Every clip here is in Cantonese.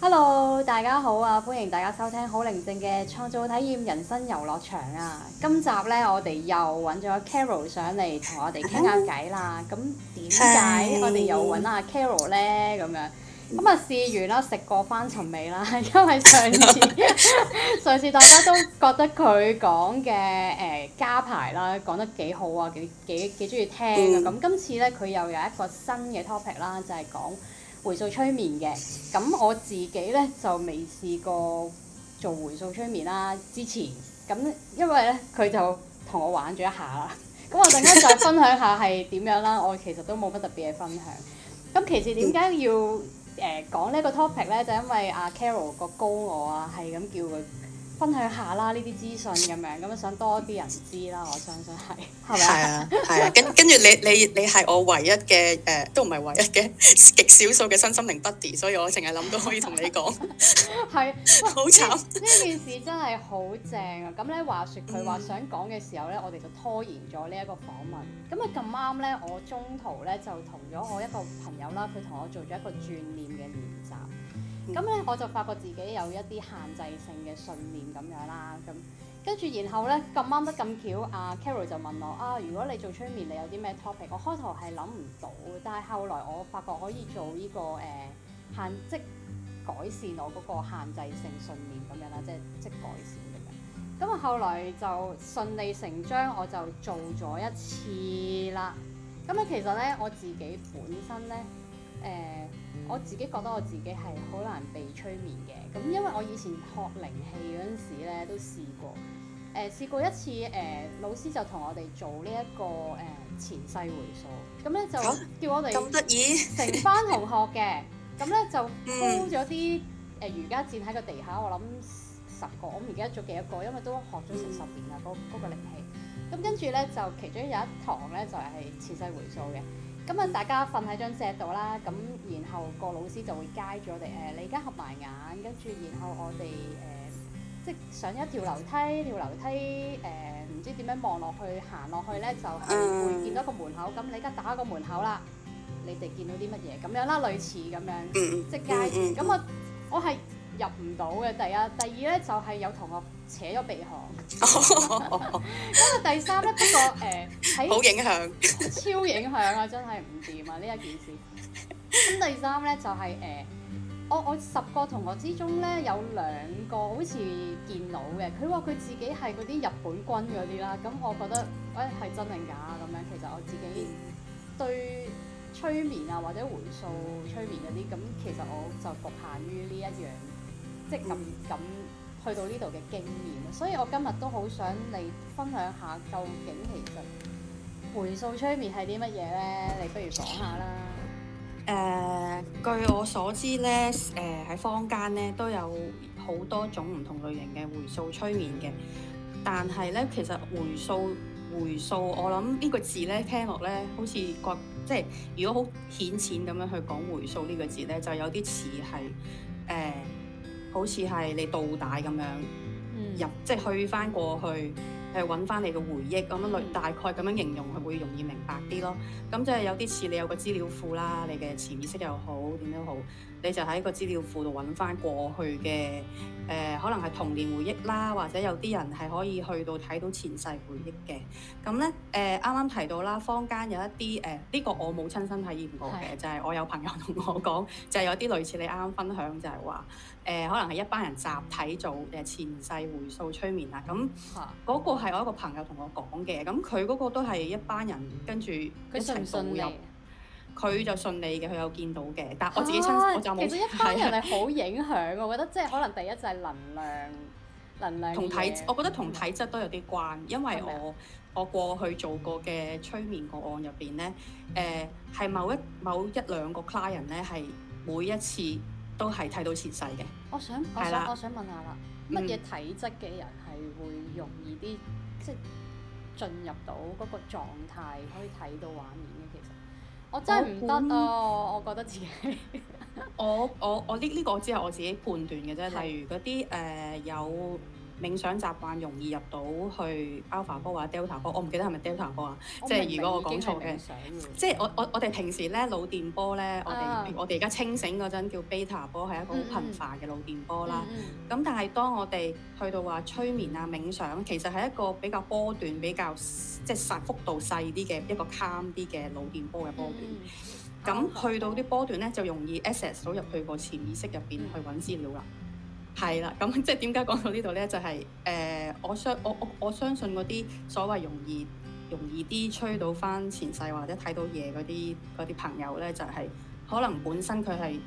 Hello，大家好啊！歡迎大家收聽好靈靜嘅創造體驗人生遊樂場啊！今集呢，我哋又揾咗 Carol 上嚟同我哋傾下偈啦。咁點解我哋又揾阿 Carol 呢？咁樣咁啊、嗯嗯、試完啦，食過翻尋味啦，因為上次 上次大家都覺得佢講嘅誒家排啦，講得幾好、嗯嗯、啊，幾幾幾中意聽啊。咁今次呢，佢又有一個新嘅 topic 啦，就係、是、講，回數催眠嘅，咁我自己呢就未試過做回溯催眠啦。之前咁，因為呢，佢就同我玩咗一下啦。咁我陣間再分享下係點樣啦。 我其實都冇乜特別嘅分享。咁其實點解要誒、呃、講呢個 topic 呢？就因為阿、啊、Carol 個高我啊，係咁叫佢。分享下啦，呢啲資訊咁樣，咁樣想多啲人知啦，我相信係，係咪啊？係啊，係啊，跟跟住你你你係我唯一嘅誒、呃，都唔係唯一嘅極少數嘅身心靈 buddy，所以我淨係諗到可以同你講。係，好慘。呢件事真係好正啊！咁咧話説佢話想講嘅時候咧，嗯、我哋就拖延咗呢一個訪問。咁啊咁啱咧，我中途咧就同咗我一個朋友啦，佢同我做咗一個轉念嘅練習。咁咧，嗯、我就發覺自己有一啲限制性嘅信念咁樣啦，咁跟住然後咧咁啱得咁巧，阿、啊、Carol 就問我啊，如果你做催眠，你有啲咩 topic？我開頭係諗唔到，但係後來我發覺可以做呢、這個誒，呃、即限即，即改善我嗰個限制性信念咁樣啦，即即改善咁樣。咁啊，後來就順理成章，我就做咗一次啦。咁啊，其實咧我自己本身咧誒。呃我自己覺得我自己係好難被催眠嘅，咁因為我以前學靈氣嗰陣時咧都試過，誒、呃、試過一次誒、呃、老師就同我哋做呢、這、一個誒、呃、前世回溯，咁咧就叫我哋，咁得意，成班同學嘅，咁咧就鋪咗啲誒瑜伽墊喺個地下，我諗十個，我唔記得咗幾多個，因為都學咗成十,十年啦，嗰嗰、那個靈氣，咁跟住咧就其中有一堂咧就係、是、前世回溯嘅。咁啊，嗯、大家瞓喺張席度啦，咁然後個老師就會街咗我哋誒，嗯、你而家合埋眼，跟住然後我哋誒，即、呃、係、就是、上一條樓梯，條樓梯誒，唔、呃、知點樣望落去，行落去咧就係、是、會見到個門口，咁你而家打開個門口啦，你哋見到啲乜嘢咁樣啦，類似咁樣，即係解。咁、就是嗯、我我係。入唔到嘅，第一，第二咧就係、是、有同學扯咗鼻鼾。咁啊，第三咧，邊個喺好影響，超影響啊！真係唔掂啊！呢一件事。咁 第三咧就係、是、誒、呃，我我十個同學之中咧有兩個好似見到嘅，佢話佢自己係嗰啲日本軍嗰啲啦。咁我覺得誒係、欸、真定假咁樣？其實我自己對催眠啊或者回溯催眠嗰啲，咁其實我就局限於呢一樣。即係咁，咁去到呢度嘅經驗，所以我今日都好想你分享下究竟其實回溯催眠係啲乜嘢咧？你不如講下啦。誒、呃，據我所知咧，誒、呃、喺坊間咧都有好多種唔同類型嘅回溯催眠嘅。但係咧其實回溯回溯，我諗呢個字咧聽落咧好似個，即係如果好顯淺咁樣去講回溯呢個字咧，就有啲似係誒。呃好似係你倒帶咁樣入，嗯、即係去翻過去，去揾翻你嘅回憶咁樣，大概咁樣形容，佢會容易明白啲咯。咁即係有啲似你有個資料庫啦，你嘅潛意識又好，點都好。你就喺個資料庫度揾返過去嘅誒、呃，可能係童年回憶啦，或者有啲人係可以去到睇到前世回憶嘅。咁呢，誒、呃，啱啱提到啦，坊間有一啲誒，呢、呃這個我冇親身體驗過嘅，的就係我有朋友同我講，就係、是、有啲類似你啱啱分享就，就係話誒，可能係一班人集體做誒前世回溯催眠啊。咁嗰個係我一個朋友同我講嘅，咁佢嗰個都係一班人跟住一齊佢就信你嘅，佢有見到嘅，但我自己親身我就冇、啊。其實一班人係好影響， 我覺得即係可能第一就係能量、能量。同體，我覺得同體質都有啲關係，嗯、因為我我過去做過嘅催眠個案入邊咧，誒、呃、係某一某一兩個 client 咧係每一次都係睇到前世嘅。我想，啦我想，我想問，問下啦，乜嘢體質嘅人係會容易啲、嗯、即係進入到嗰個狀態可以睇到畫面嘅？我真係唔得哦，我，本我覺得自己 我。我我、呢個、我呢呢個只係我自己判斷嘅啫，是的 例如嗰啲誒有冥想習慣容易入到去 alpha 波或者 delta 波，我唔記得係咪 delta 波啊，即係如果我講錯嘅，即係我我我哋平時咧腦電波咧，oh. 我哋我哋而家清醒嗰陣叫 beta 波，係一個好頻繁嘅腦電波啦。咁、mm. 但係當我哋去到話催眠啊冥想，其實係一個比較波段比較即係細幅度細啲嘅一個靜啲嘅腦電波嘅波段。咁、mm. 去到啲波段咧就容易 access 到入去個潛意識入邊、mm. 嗯、去揾資料啦。係啦，咁即係點解講到呢度咧？就係、是、誒、呃，我相我我我相信嗰啲所謂容易容易啲吹到翻前世或者睇到嘢嗰啲嗰啲朋友咧，就係、是、可能本身佢係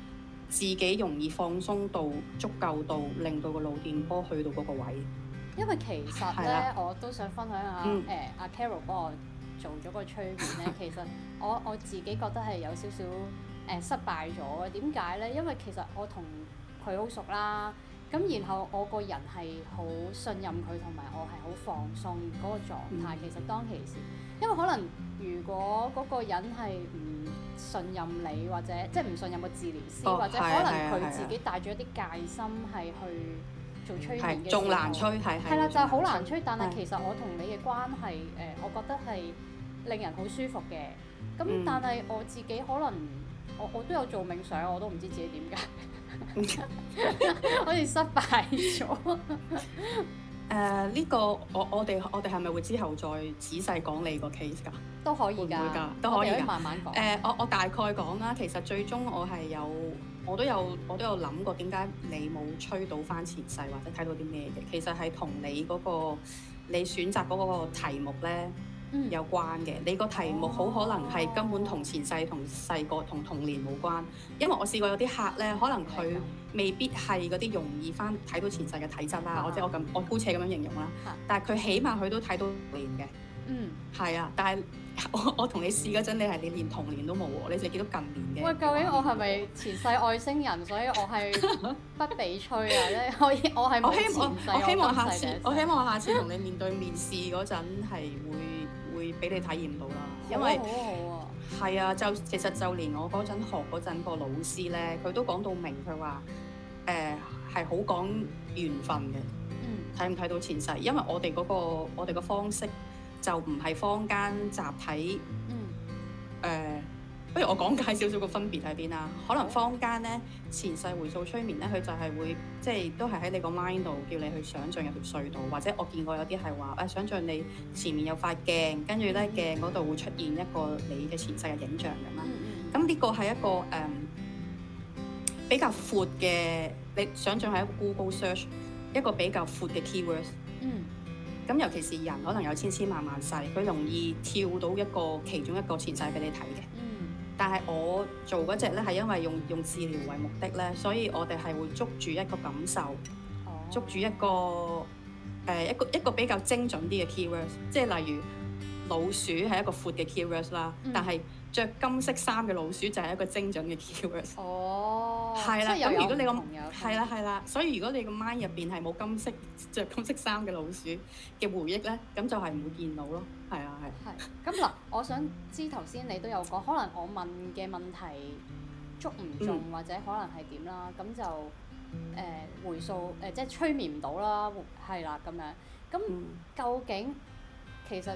自己容易放鬆到足夠到令到個腦電波去到嗰個位。因為其實咧，了我都想分享下誒阿、嗯欸、Carol 幫我做咗個催眠咧。 其實我我自己覺得係有少少誒失敗咗。點解咧？因為其實我同佢好熟啦。咁然後我個人係好信任佢，同埋我係好放鬆嗰個狀態。嗯、其實當其時，因為可能如果嗰個人係唔信任你，或者即係唔信任個治療師，哦、或者可能佢自己帶咗一啲戒心，係去做催眠嘅。仲、哦、難催，係係啦，就係好難催。難催是但係其實我同你嘅關係，誒是、呃，我覺得係令人好舒服嘅。咁、嗯嗯、但係我自己可能，我我都有做冥想，我都唔知自己點解。 好似失敗咗、 uh, 呢個。誒，呢個我我哋我哋係咪會之後再仔細講你個 case 㗎？都可以㗎，都可以慢慢講。誒、uh，我我大概講啦。其實最終我係有，我都有我都有諗過點解你冇吹到翻前世，或者睇到啲咩嘅。其實係同你嗰、嗰個你選擇嗰個題目咧。嗯、有關嘅，你個題目好可能係根本同前世同細個同童年冇關，因為我試過有啲客咧，可能佢未必係嗰啲容易翻睇到前世嘅體質啦，或者、嗯、我咁我，我姑且咁樣形容啦。嗯、但係佢起碼佢都睇到童年嘅。嗯，係啊，但係我我同你試嗰陣，你係你連童年都冇喎，你凈係見到近年嘅。喂，究竟我係咪前世外星人？所以我係不比吹啊咧，可以 我係我希望，我，我，希望我，我希望下次我希望我下次同你面對面試嗰陣係會。會俾你體驗到啦，因為係 啊，就其實就連我嗰陣學嗰陣個老師咧，佢都講到明，佢話誒係好講緣分嘅，睇唔睇到前世，因為我哋嗰個我哋嘅方式就唔係坊間集體，誒、嗯。呃不如我講介紹少少個分別喺邊啦。可能坊間咧前世回溯催眠咧，佢就係會即係、就是、都係喺你個 mind 度叫你去想像入條隧道，或者我見過有啲係話誒，想像你前面有塊鏡，跟住咧鏡嗰度會出現一個你嘅前世嘅影像咁啊。咁呢個係一個誒比較闊嘅，你想像係一個 Google Search 一個比較闊嘅 keywords。嗯。咁尤其是人可能有千千萬萬世，佢容易跳到一個其中一個前世俾你睇嘅。但係我做嗰隻咧，係因為用用治療為目的咧，所以我哋係會捉住一個感受，哦、捉住一個誒、呃、一個一個比較精準啲嘅 keywords，即係例如老鼠係一個闊嘅 keywords 啦，但係着金色衫嘅老鼠就係一個精準嘅 keywords。哦係啦，咁如果你個朋友係啦係啦，所以如果你個 mind 入邊係冇金色著金色衫嘅老鼠嘅回憶咧，咁就係唔會見到咯。係啊，係。係咁。嗱，我想知頭先你都有講，可能我問嘅問題捉唔中，或者可能係點啦？咁就誒回數誒，即係催眠唔到啦，係啦咁樣。咁究竟其實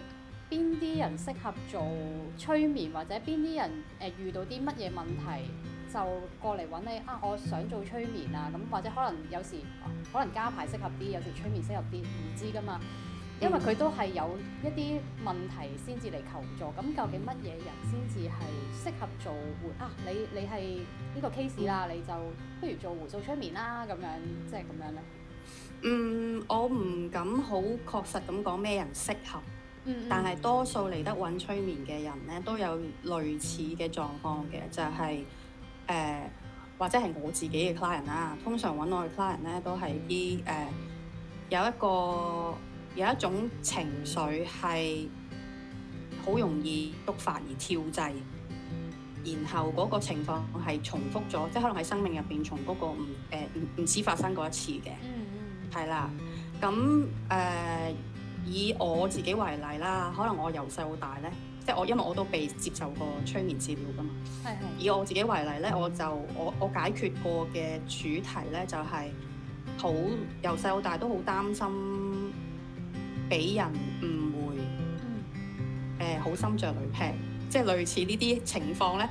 邊啲人適合做催眠，或者邊啲人誒遇到啲乜嘢問題，就過嚟揾你啊！我想做催眠啊，咁或者可能有時、啊、可能家排適合啲，有時催眠適合啲，唔知㗎嘛。因為佢都係有一啲問題先至嚟求助。咁究竟乜嘢人先至係適合做活啊？你你係呢個 case 啦，嗯、你就不如做活做催眠啦、啊，咁樣即係咁樣呢？嗯，我唔敢好確實咁講咩人適合，嗯嗯，但係多數嚟得揾催眠嘅人呢，都有類似嘅狀況嘅，嗯、就係、是。誒、呃、或者係我自己嘅 client 啦，通常揾我嘅 client 咧都係啲誒有一個有一種情緒係好容易觸發而跳掣，然後嗰個情況係重複咗，即係可能喺生命入邊重複過唔誒唔唔止發生過一次嘅，係啦、mm。咁、hmm. 誒、嗯呃、以我自己為例啦，可能我由細到大咧。即係我，因為我都被接受過催眠治療㗎嘛。係係的。以我自己為例咧，我就我我解決過嘅主題咧，就係好由細到大都好擔心俾人誤會。嗯。誒，好心着雷劈，即係類似呢啲情況咧，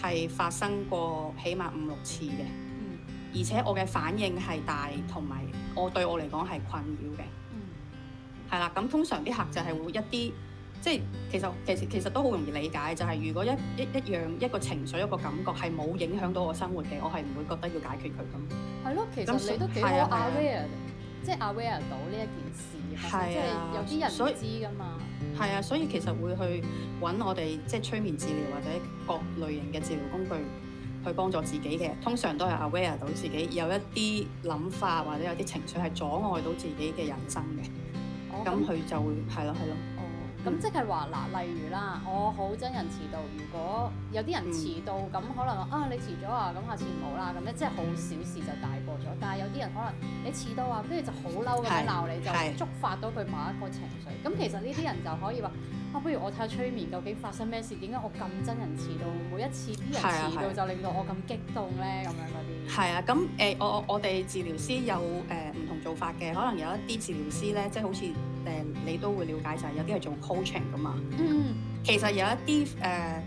係、嗯、發生過起碼五六次嘅。嗯、而且我嘅反應係大，同埋我對我嚟講係困擾嘅。嗯。係啦，咁通常啲客就係會一啲。即係其實其實其實都好容易理解，就係、是、如果一一一樣一個情緒一個感覺係冇影響到我生活嘅，我係唔會覺得要解決佢咁。係咯 其實你都幾 a 即係 aware、啊啊、aware 到呢一件事係即係有啲人知㗎嘛。係啊，所以其實會去搵我哋即係催眠治療或者各類型嘅治療工具去幫助自己嘅。通常都係 aware 到自己有一啲諗法或者有啲情緒係阻礙到自己嘅人生嘅，咁佢、哦、那麼 就會係咯，係咯。咁即係話嗱，例如啦，我好憎人遲到。如果有啲人遲到，咁、嗯、可能啊，你遲咗啊，咁下次唔好啦。咁咧，即係好小事就大過咗。但係有啲人可能你遲到啊，跟住就好嬲咁樣鬧你，就觸發到佢某一個情緒。咁其實呢啲人就可以話啊，不如我睇下催眠，究竟發生咩事？點解我咁憎人遲到？每一次啲人遲到就令到我咁激動咧，咁樣嗰啲。係啊，咁誒、啊啊呃，我我哋治療師有誒唔、呃、同做法嘅，可能有一啲治療師咧，即、就、係、是、好似。誒你都會了解就係有啲係做 coaching 噶嘛，嗯、其實有一啲誒、呃、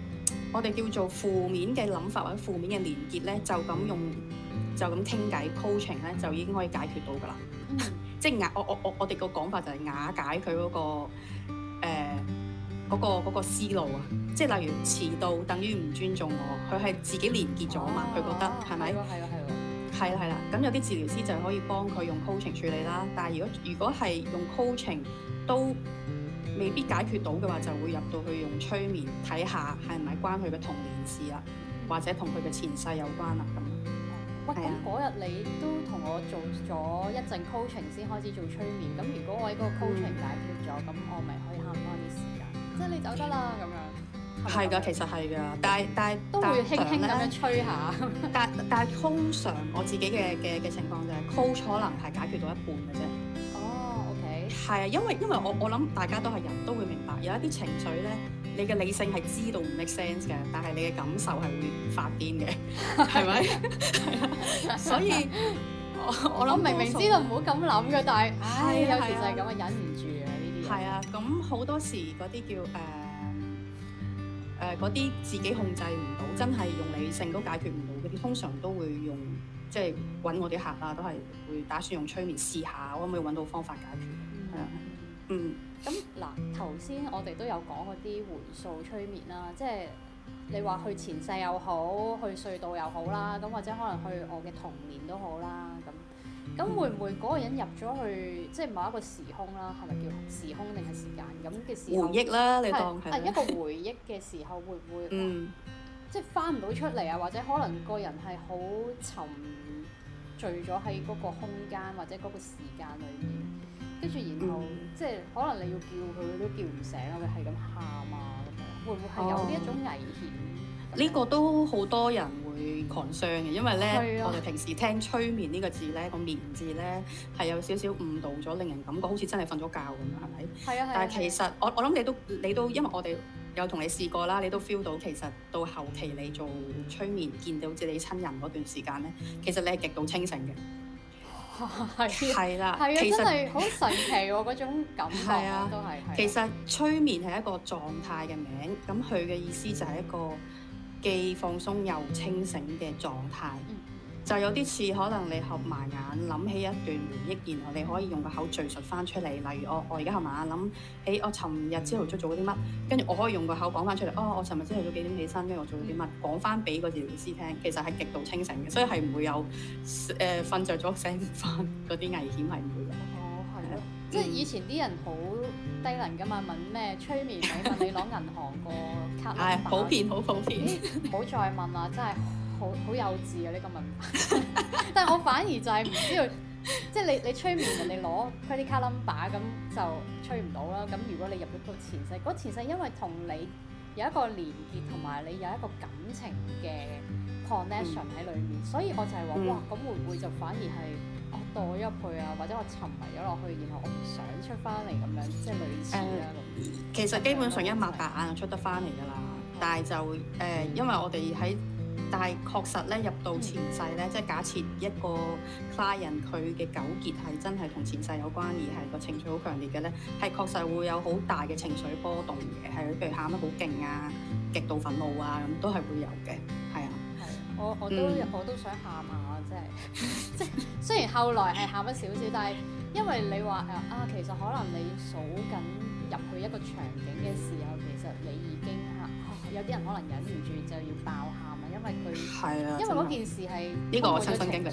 我哋叫做負面嘅諗法或者負面嘅連結咧，就咁用就咁傾偈 coaching 咧就已經可以解決到㗎啦，即係、嗯、 我我我我哋個講法就係瓦解佢嗰、嗰個誒嗰、呃嗰個嗰個思路啊，即、就、係、係、例如遲到等於唔尊重我，佢係自己連結咗嘛，佢、哦、覺得，係咪？係啊、哦，係啊吧。係啦，係啦，咁有啲治療師就可以幫佢用 coaching 處理啦。但係如果如果係用 coaching 都未必解決到嘅話，就會入到去用催眠睇下係唔係關佢嘅童年事啦，或者同佢嘅前世有關啦咁。喂，咁嗰日你都同我做咗一陣 coaching 先開始做催眠。咁如果我喺嗰個 coaching 解決咗，咁我咪可以慳返啲時間，嗯、即係你走得啦咁樣。係噶，其實係噶，但係但係都會輕輕咁樣吹下。但但係通常我自己嘅嘅嘅情況就係 coach 可能係解決到一半嘅啫。哦，OK。係啊，因為因為我我諗大家都係人都會明白，有一啲情緒咧，你嘅理性係知道唔 make sense 嘅，但係你嘅感受係會發癲嘅，係咪？係啊。所以我我諗明明知道唔好咁諗嘅，但係唉，有時就係咁啊，忍唔住啊呢啲。係啊，咁好多時嗰啲叫誒。誒嗰啲自己控制唔到，真係用理性都解決唔到嗰啲，通常都會用即係揾我哋客啦，都係會打算用催眠試下，可唔可以揾到方法解決？係啊，嗯。咁嗱、嗯，頭先、嗯、我哋都有講嗰啲回溯催眠啦，即係你話去前世又好，去隧道又好啦，咁或者可能去我嘅童年都好啦，咁。咁會唔會嗰個人入咗去，即係某一個時空啦，係咪叫時空定係時間咁嘅時候？回憶啦，你當係是 一個回憶嘅時候會，會唔會、嗯、即係翻唔到出嚟啊？或者可能個人係好沉醉咗喺嗰個空間或者嗰個時間裏面，跟住然後、嗯、即係可能你要叫佢，佢都叫唔醒啊，佢係咁喊啊咁樣，會唔會係有呢一種危險？哦。呢個都好多人會 concern 嘅，因為咧，對了 我哋平時聽催眠呢個字咧，個眠字咧係有少少誤導咗，令人感覺好似真係瞓咗覺咁樣，係咪？係啊係啊。但係其實我我諗你都你都，因為我哋有同你試過啦，你都 feel 到其實到後期你做催眠，見到自己你親人嗰段時間咧，其實你係極度清醒嘅。係係啦，係啊了了，真係好神奇喎！嗰 種感覺都係。了其實催眠係一個狀態嘅名，咁佢嘅意思就係一個。既放鬆又清醒嘅狀態，嗯、就有啲似可能你合埋眼，諗起一段回憶，然後你可以用個口敍述翻出嚟。例如我，我而家合埋眼諗起我尋日朝頭早做過啲乜，跟住我可以用個口講翻出嚟。哦，我尋日朝頭早幾點起身，跟住我做咗啲乜，講翻俾個治療師聽。其實係極度清醒嘅，所以係唔會有誒瞓着咗醒唔翻嗰啲危險，係唔會嘅。哦，係啊，嗯、即係以前啲人好低能噶嘛？問咩催眠？你問你攞銀行個卡 number，普遍好普遍。唔好、欸、再問啦，真係好好幼稚啊！呢、呢個問題。 但係我反而就係唔知道，即、就、係、是、你你催眠人哋攞 credit card number 咁就催唔到啦。咁如果你入咗個前世，嗰前世因為同你有一個連結同埋你有一個感情嘅 connection 喺裏面，嗯、所以我就係話、嗯、哇，咁會唔會就反而係？代入去啊，或者我沉迷咗落去，然後我唔想出翻嚟咁樣，即係類似,、呃、類似其實基本上一擘大眼就出得翻嚟㗎啦，哦、但係就誒，嗯呃、因為我哋喺，嗯、但係確實咧入到前世咧，即係假設一個 client 佢嘅糾結係真係同前世有關，而係個情緒好強烈嘅咧，係確實會有好大嘅情緒波動嘅，係，譬如喊得好勁啊，極度憤怒啊咁都係會有嘅，係啊。我我都、嗯、我都想喊下，即係即係雖然後來係喊咗少少，但係因為你話誒啊，其實可能你數緊入去一個場景嘅時候，其實你已經吓、啊、有啲人可能忍唔住就要爆喊啊，因為佢，係啊，因為件事係呢個我親身經歷，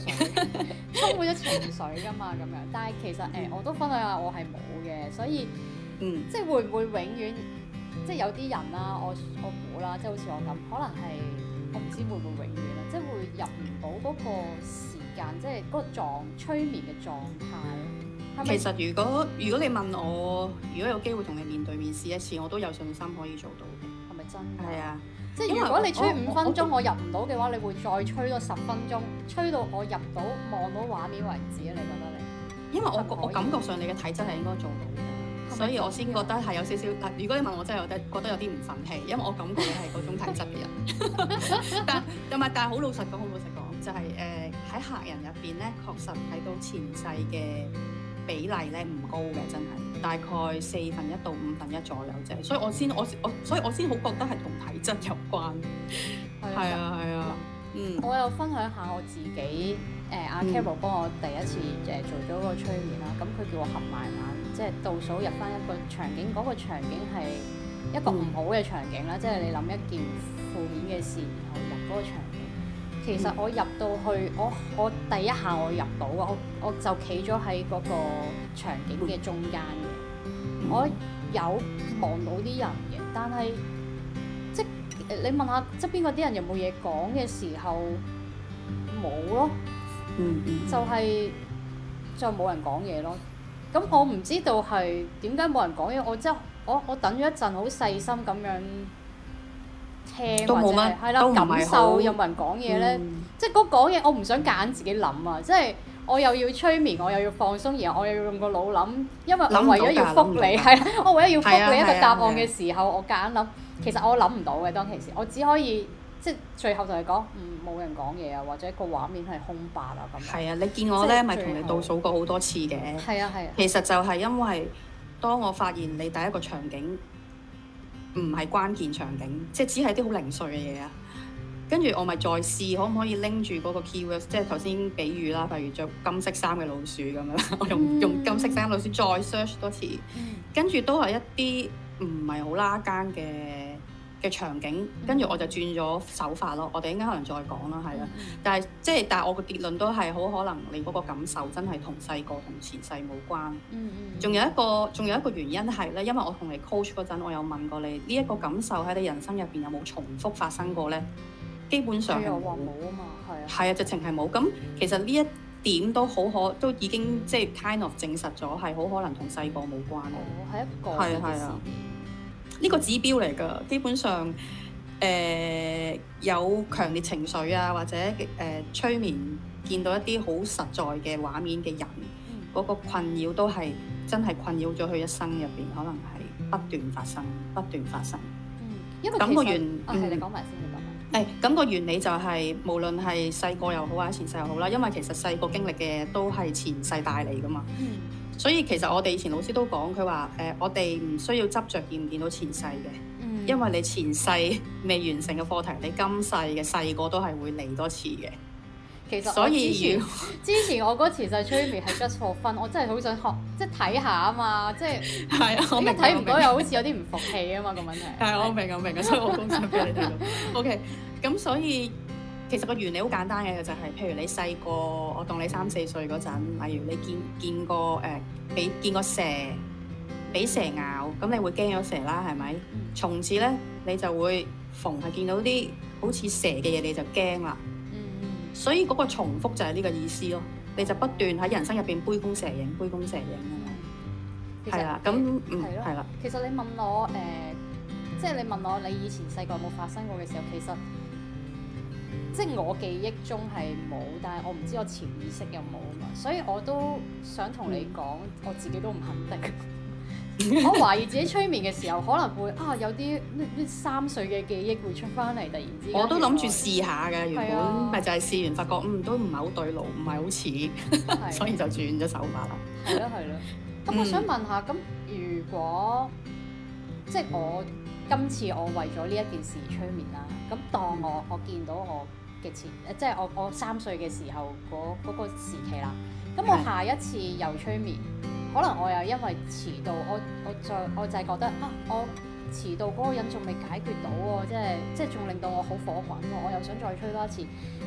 充滿咗情緒噶嘛，咁樣，但係其實誒、欸嗯、我都分享下我係冇嘅，所以，嗯，即係會唔會永遠即係有啲人啦、啊，我我估啦，即係好似我咁，可能係我唔知會唔會永遠。即係會入唔到嗰個時間，即係嗰個狀催眠嘅狀態。係咪，其實如果如果你問我，如果有機會同你面對面試一次，我都有信心可以做到嘅。係咪真係？係啊，即係如果你吹五分鐘我，我，我，我入唔到嘅話，你會再吹多十分鐘，吹到我入到望到畫面為止。你覺得你因為我我，我感覺上你嘅體質係應該做到。所以我先覺得係有少少嗱，如果你問我真係有得，覺得有啲唔忿氣，因為我感覺你係嗰種體質嘅人。 但又唔係，但係好老實講，好老實講，就係誒喺客人入邊咧，確實睇到前世嘅比例咧唔高嘅，真係大概四分一到五分一左右啫。所以我先我我，所以我先好覺得係同體質有關。係啊，係啊，嗯。我又分享下我自己誒，阿 Carol 幫我第一次誒做咗個催眠啦，咁佢、嗯、叫我合埋眼。即係倒數入翻一個場景，嗰、嗰個場景係一個唔好嘅場景啦。嗯、即係你諗一件負面嘅事，然後入嗰個場景。其實我入到去，我我第一下我入到啊，我我就企咗喺嗰個場景嘅中間嘅。嗯、我有望到啲人嘅，但係即你問下側邊嗰啲人有冇嘢講嘅時候，冇咯、嗯。嗯就係、係、就冇人講嘢咯。咁我唔知道係點解冇人講嘢，我真我我等咗一陣，好細心咁樣聽或者係啦，感受有冇人講嘢咧？嗯、即係嗰講嘢，我唔想夾硬自己諗啊！即係我又要催眠，我又要放鬆，然後我又要用個腦諗，因為我為咗要覆你，係 我為咗要覆你一個答案嘅時候，我夾硬諗，其實我諗唔到嘅當其時，我只可以。即係最後就係講，冇、嗯、人講嘢啊，或者個畫面係空白啊咁。係啊，你見我咧咪同你倒數過好多次嘅。係、嗯、啊係。啊其實就係因為當我發現你第一個場景唔係關鍵場景，即、就、係、是、只係啲好零碎嘅嘢啊。跟住我咪再試可唔可以拎住嗰個 keywords，即係、嗯、頭先比喻啦，例如着金色衫嘅老鼠咁樣，我用用金色衫老鼠再 search 多次，跟住都係一啲唔係好拉更嘅。嘅場景，跟住我就轉咗手法咯。Mm hmm. 我哋應該可能再講啦，係啦、mm hmm. 但係即係，但係我個結論都係好可能，你嗰個感受真係同細個同前世冇關。嗯嗯、mm。仲、hmm. 有一個，仲有一個原因係咧，因為我同你 coach 嗰陣，我有問過你，呢、這、一個感受喺你人生入邊有冇重複發生過咧？基本上佢又話冇啊嘛，係啊。係啊，直情係冇。咁其實呢一點都好可，都已經即係 kind of 證實咗，係好可能同細個冇關。係、oh, 一個係係啊。呢個指標嚟㗎，基本上誒、呃、有強烈情緒啊，或者誒、呃、催眠見到一啲好實在嘅畫面嘅人，嗰、嗯、個困擾都係真係困擾咗佢一生入邊，可能係不斷發生，不斷發生。嗯，咁個原唔係你講埋先，你講。誒，咁個原理就係無論係細個又好啊，前世又好啦，因為其實細個經歷嘅都係前世帶嚟㗎嘛。嗯。所以其實我哋以前老師都講，佢話誒，我哋唔需要執着見唔見到前世嘅，嗯、因為你前世未完成嘅課題，你今世嘅細個都係會嚟多次嘅。其實，所以之前原之前我嗰次就催眠係 just 錯分，我真係好想學，即係睇下啊嘛，即係係 我明，因為睇唔到又好似有啲唔服氣啊嘛、嗰個問題。係我明，我明啊，所以我分享俾你聽到。 OK，咁所以。其實個原理好簡單嘅、就係，就係譬如你細個，我當你三四歲嗰陣，例如你見見過誒，俾、呃、見過蛇，俾蛇咬，咁你會驚咗蛇啦，係咪？嗯、從此咧，你就會逢係見到啲好似蛇嘅嘢你就驚啦。嗯，所以嗰個重複就係呢個意思咯，你就不斷喺人生入邊杯弓蛇影，杯弓蛇影啊嘛。係啦實，咁嗯係啦。欸、其實你問我誒，即、呃、係、就係、你問我你以前細個有冇發生過嘅時候，其實。即係我記憶中係冇，但係我唔知我潛意識有冇啊嘛，所以我都想同你講，我自己都唔肯定。我懷疑自己催眠嘅時候可能會啊有啲啲三歲嘅記憶會出翻嚟，突然之間。我都諗住試下㗎，原本咪就係試完發覺嗯都唔係好對路，唔係好似，所以就轉咗手法啦。係咯，係咯。咁我想問下，咁如果即係我今次我為咗呢一件事催眠啦，咁當我我見到我嘅前，即係我我三歲嘅時候嗰個時期啦。咁我下一次又催眠，可能我又因為遲到，我我、再我就我就係覺得啊，我遲到嗰個人仲未解決到喎，即係即係仲令到我好火滾喎，我又想再催多一次。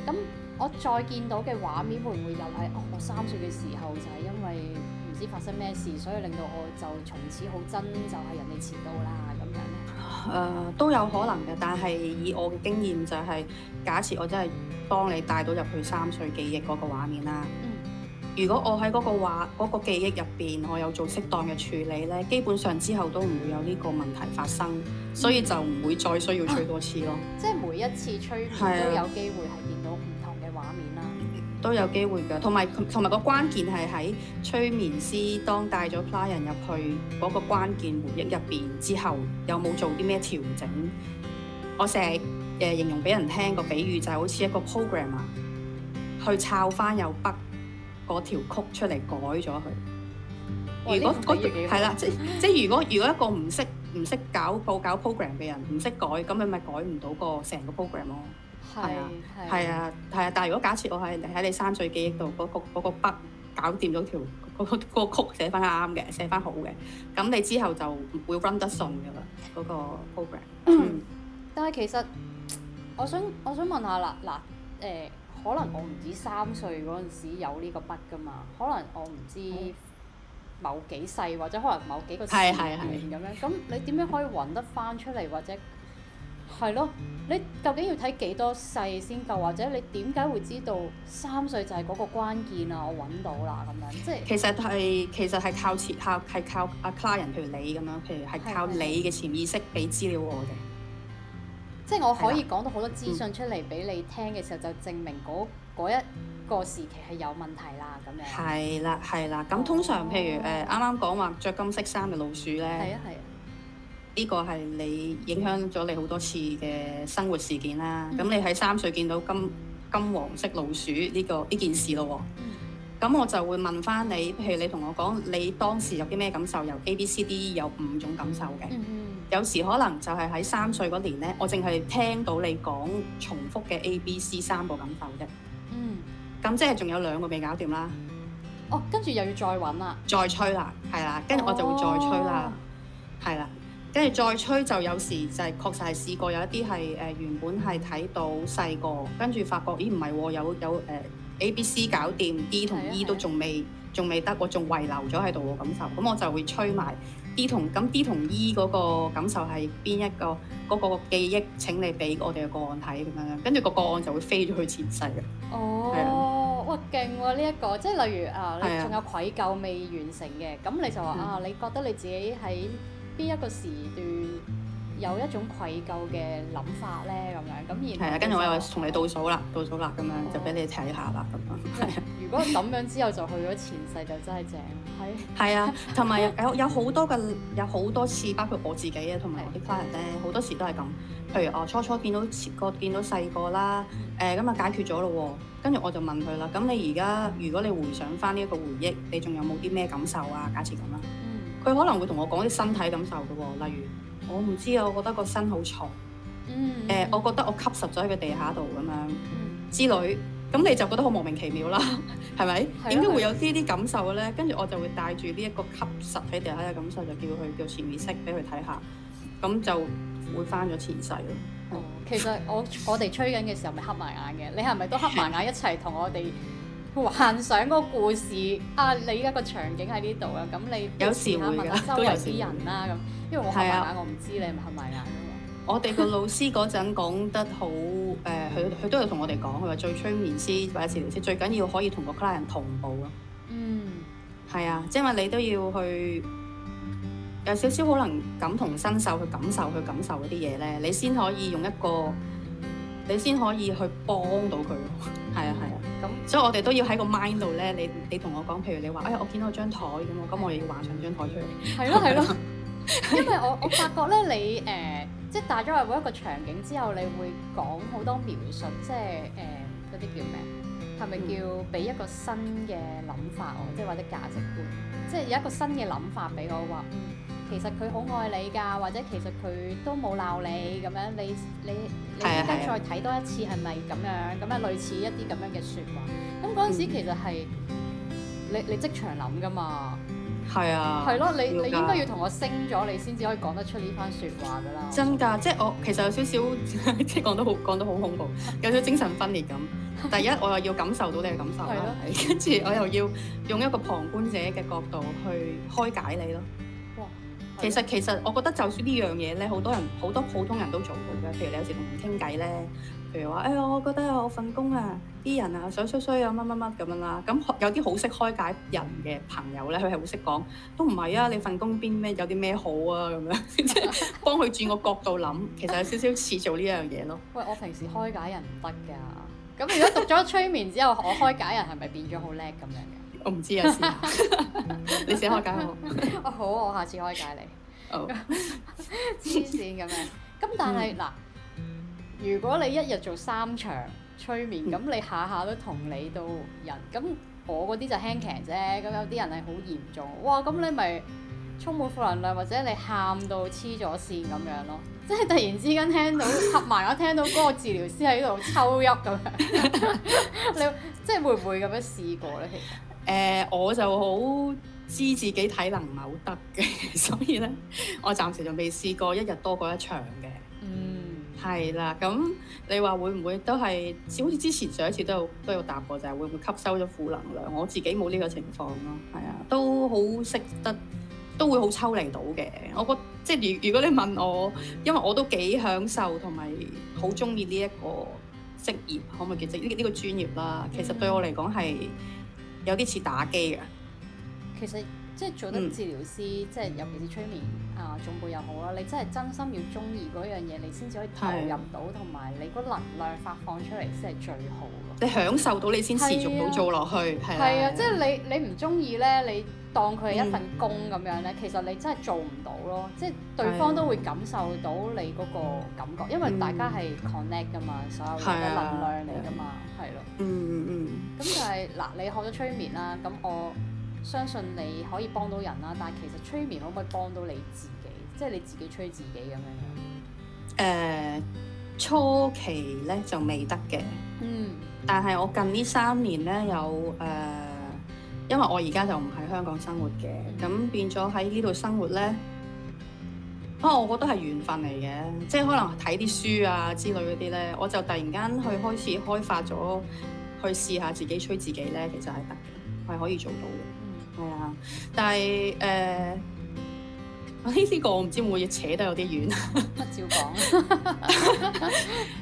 咁我再見到嘅畫面會唔會又係、啊、我三歲嘅時候就係因為唔知發生咩事，所以令到我就從此好憎就係人哋遲到啦。誒都有可能嘅，但係以我嘅經驗就係、是、假設我真係幫你帶到入去三歲記憶嗰個畫面啦。嗯。如果我喺嗰個畫嗰、那個記憶入邊我有做適當嘅處理咧，基本上之後都唔會有呢個問題發生，所以就唔會再需要催多次咯、啊。即係每一次催都有機會。係。都有機會㗎，同埋同埋個關鍵係喺催眠師當帶咗 client 入去嗰個關鍵回憶入邊之後，有冇做啲咩調整？我成日誒形容俾人聽個比喻，就好似一個 program 啊，去抄返有 bug 嗰條 code 出嚟改咗佢。如果嗰係啦，即即如果如果一個唔識唔識搞搞 program 嘅人唔識改，咁佢咪改唔到個成個 program 咯？係啊，係啊，係啊！啊啊但係如果假設我係人哋喺你三歲記憶度嗰，嗯嗰個嗰、嗰個、筆搞掂咗條嗰個曲寫翻啱嘅，寫翻好嘅，咁你之後就唔會 run 得順噶啦嗰個 program。嗯嗯、但係其實我想我想問下啦，嗱誒、呃，可能我唔止三歲嗰陣時有呢個筆噶嘛，可能我唔知某幾世或者可能某幾個年咁樣，咁你點樣可以揾得翻出嚟 或者？係咯，你究竟要睇幾多世先夠，或者你點解會知道三歲就係嗰個關鍵啊？我揾到啦，咁樣即係其實係其實係靠前靠係靠阿 Clair 人，譬如你咁樣，譬如係靠的你嘅潛意識俾資料的我嘅們，即係我可以講到好多資訊出嚟俾你聽嘅時候，的就證明嗰、那、一、個嗯、個時期係有問題啦，咁樣係啦係啦，咁通常譬如誒啱啱講話着金色衫嘅老鼠咧，係啊係。呢個係你影響咗你好多次嘅生活事件啦。咁、mm hmm. 你喺三歲見到金金黃色老鼠呢、呢個呢件事咯。咁、mm hmm. 我就會問翻你，譬如你同我講，你當時有啲咩感受？由 A、B、C、D、E 有五種感受嘅。Mm hmm. 有時可能就係喺三歲嗰年呢，我淨係聽到你講重複嘅 A、B、C 三個感受啫。嗯、mm。咁、hmm. 即係仲有兩個未搞掂啦。哦，跟住又要再揾啦。再催啦，係啦，跟住我就會再催啦，係啦、oh。跟住再吹就有時就係確實係試過有一啲係誒原本係睇到細個，跟住發覺咦唔係喎，有有誒 A、B 對、C 搞掂，D 同和 E 都仲未仲未得，我仲遺留咗喺度嘅感受，咁我就會吹埋 D 同咁 D 同 E 嗰個感受係邊一個嗰個記憶？請你俾我哋嘅個案睇咁樣，跟住個個案就會飛咗去前世嘅。哦，哇勁喎！呢一個即係例如啊，你仲有愧疚未完成嘅，咁對對你就話啊，你覺得你自己喺。嗯邊一個時段有一種愧疚嘅諗法咧？咁樣咁而係啊，跟住我又同你倒數啦，的倒數啦，咁樣就俾你睇下啦咁樣。如果咁樣之後 就去咗前世，就真係正。係係啊，同埋有有好多嘅，有好多，多次，包括我自己啊，同埋我啲家人咧，好的多時都係咁。譬如我初初見到個見到細個啦，誒咁啊解決咗咯喎，跟住我就問佢啦：咁你而家如果你回想翻呢一個回憶，你仲有冇啲咩感受啊？假設咁啦。佢可能會同我講啲身體感受嘅喎、哦，例如我唔知啊，我覺得個身好重，誒、嗯嗯呃，我覺得我吸實咗喺個地下度咁樣之類，咁、嗯、你就覺得好莫名其妙啦，係 咪吧？點解、啊啊啊、會有呢啲感受嘅咧？跟住我就會帶住呢一個吸實喺地下嘅感受，就叫佢叫潛意識俾佢睇下，咁就會翻咗前世咯、嗯。其實我我哋吹緊嘅時候咪黑埋眼嘅， 你係咪都黑埋眼一齊同我哋？ 幻想個故事，啊，你依家個場景喺呢度啦，咁你、啊、有時會㗎，都有時啲人啦咁，因為我係白的我唔知你係咪啊。我哋個老師嗰陣講得好，誒、呃，佢佢、 呃、都有同我哋講，佢話最催眠師或者治療師最緊要可以同個 client 同步咯。嗯，係啊，因為你都要去有少少可能感同身受去感受去感受嗰啲嘢咧，你先可以用一個。你先可以去幫到佢咯，係啊係啊，咁，那所以我哋都要喺個 mind 度咧，你你同我講，譬如你話，哎我見到張台咁，咁的我哋要畫上張台出嚟，係咯係咯，因為我我發覺咧，你誒、呃，即係帶咗入去一個場景之後，你會講好多描述，即係誒嗰啲叫咩？係咪叫俾一個新嘅諗法我？即係或者價值觀，即係有一個新嘅諗法俾我話。其實佢好愛你㗎，或者其實佢都冇鬧你咁樣，你你你應該再睇多一次係咪咁樣？咁樣的，類似一啲咁樣嘅説話。咁嗰陣時其實係、嗯、你你即場諗㗎嘛？係啊的。係咯，你你應該要同我升咗，你先至可以講得出呢番説話㗎啦。真㗎，即係我其實有少少， 即係講得好講到好恐怖，有少少精神分裂咁。第一，我又要感受到你嘅感受啦，跟住我又要用一個旁觀者嘅角度去開解你咯。其實其實我覺得就算呢樣嘢咧，好多人好多普通人都做到嘅。譬如你有時同人傾偈咧，譬如話：哎呀，我覺得我份工啊，啲人啊，衰衰衰啊，乜乜乜咁樣啦。咁有啲好識開解人嘅朋友咧，佢係好識講，都唔係啊。你份工邊咩？有啲咩好啊？咁樣，即 係幫佢轉個角度諗。 其實有少少似做呢樣嘢咯。喂，我平時開解人唔得㗎。咁如果讀咗催眠之後， 我開解人係咪變咗好叻咁樣嘅？我唔知啊，先 你先開解我、 哦。好，我下次開解你。黐線嘅咩？咁但係嗱， 如果你一日做三場催眠，咁你下下都同理到人。咁我嗰啲就輕騎啫，咁有啲人係好嚴重。哇！咁你咪充滿負能量，或者你喊到黐咗線咁樣咯？即係突然之間聽到合埋，我 聽到嗰個治療師喺度抽泣咁樣。 你即係會唔會咁樣試過咧？其實？誒、呃，我就好知自己體能唔係好得嘅， 所以咧，我暫時仲未試過一日多過一場嘅。嗯，係啦，咁你話會唔會都係好似之前上一次都有都有答過，就係、是、會唔會吸收咗負能量？我自己冇呢個情況咯。係啊，都好識得都會好抽離到嘅。我覺得即係如如果你問我，因為我都幾享受同埋好鍾意呢一個職業，可唔可以叫即呢呢個專業啦？嗯、其實對我嚟講係。有啲似打機啊！其實即係做得治療師，嗯、即係尤其是催眠啊，總部又好啦。你真係真心要中意嗰樣嘢，你先至可以投入到，同埋是的 你個能量發放出嚟先係最好。你享受到，你先持續到做落去。係啊，即係你你唔中意咧，你。當佢係一份工咁樣呢，嗯、其實你真係做唔到咯，嗯、即係對方都會感受到你嗰個感覺，嗯、因為大家係 connect 噶嘛，嗯、所有嘢嘅能量嚟噶嘛，係咯、嗯嗯。嗯嗯。咁就係、是、嗱，你學咗催眠啦，咁我相信你可以幫到人啦，但係其實催眠可唔可以幫到你自己？即係你自己催自己咁樣。誒、呃，初期呢就未得嘅。嗯。但係我近呢三年呢，有誒。呃因為我而家就唔喺香港生活嘅，咁變咗喺呢度生活呢？不過，我覺得係緣分嚟嘅，即係可能睇啲書啊之類嗰啲呢，我就突然間去開始開發咗，去試下自己吹自己呢，其實係得嘅，係可以做到嘅，係啊、嗯，但係誒。呃呢呢、啊這個我唔知會唔會扯得有啲遠。乜照講，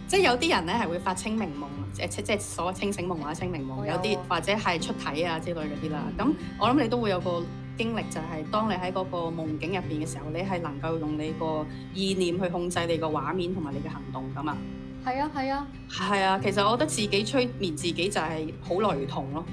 即係有啲人咧係會發清明夢，即 即所謂清醒夢或者清明夢，嗯、有啲或者係出體啊之類嗰啲啦。咁、嗯、我諗你都會有個經歷，就係當你喺嗰個夢境入邊嘅時候，你係能夠用你個意念去控制你個畫面同埋你嘅行動咁啊。係啊係啊。係啊，其實我覺得自己催眠自己就係好雷同咯。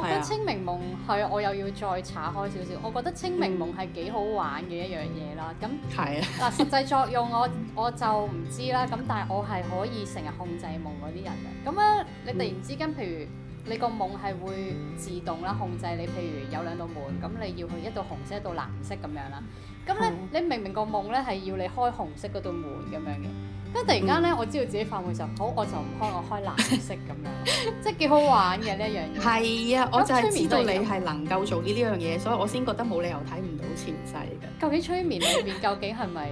我覺得清明夢係是、啊、我又要再查開少少。我覺得清明夢係幾好玩嘅一樣嘢啦。咁嗱，實際作用我我就唔知啦。咁但係我係可以成日控制夢嗰啲人嘅。咁咧，你突然之間，譬如你個夢係會自動啦控制你，譬如有兩道門，咁你要去一道紅色、一道藍色咁樣啦。咁咧，你明明個夢咧係要你開紅色嗰道門咁樣嘅。咁突然間咧，嗯、我知道自己發夢就好，我就唔開，我開藍色咁樣， 即係幾好玩嘅呢 一樣嘢。係啊，我就係知道你係能夠做啲呢樣嘢，所以我先覺得冇理由睇唔到前世嘅。究竟催眠裏面究竟係咪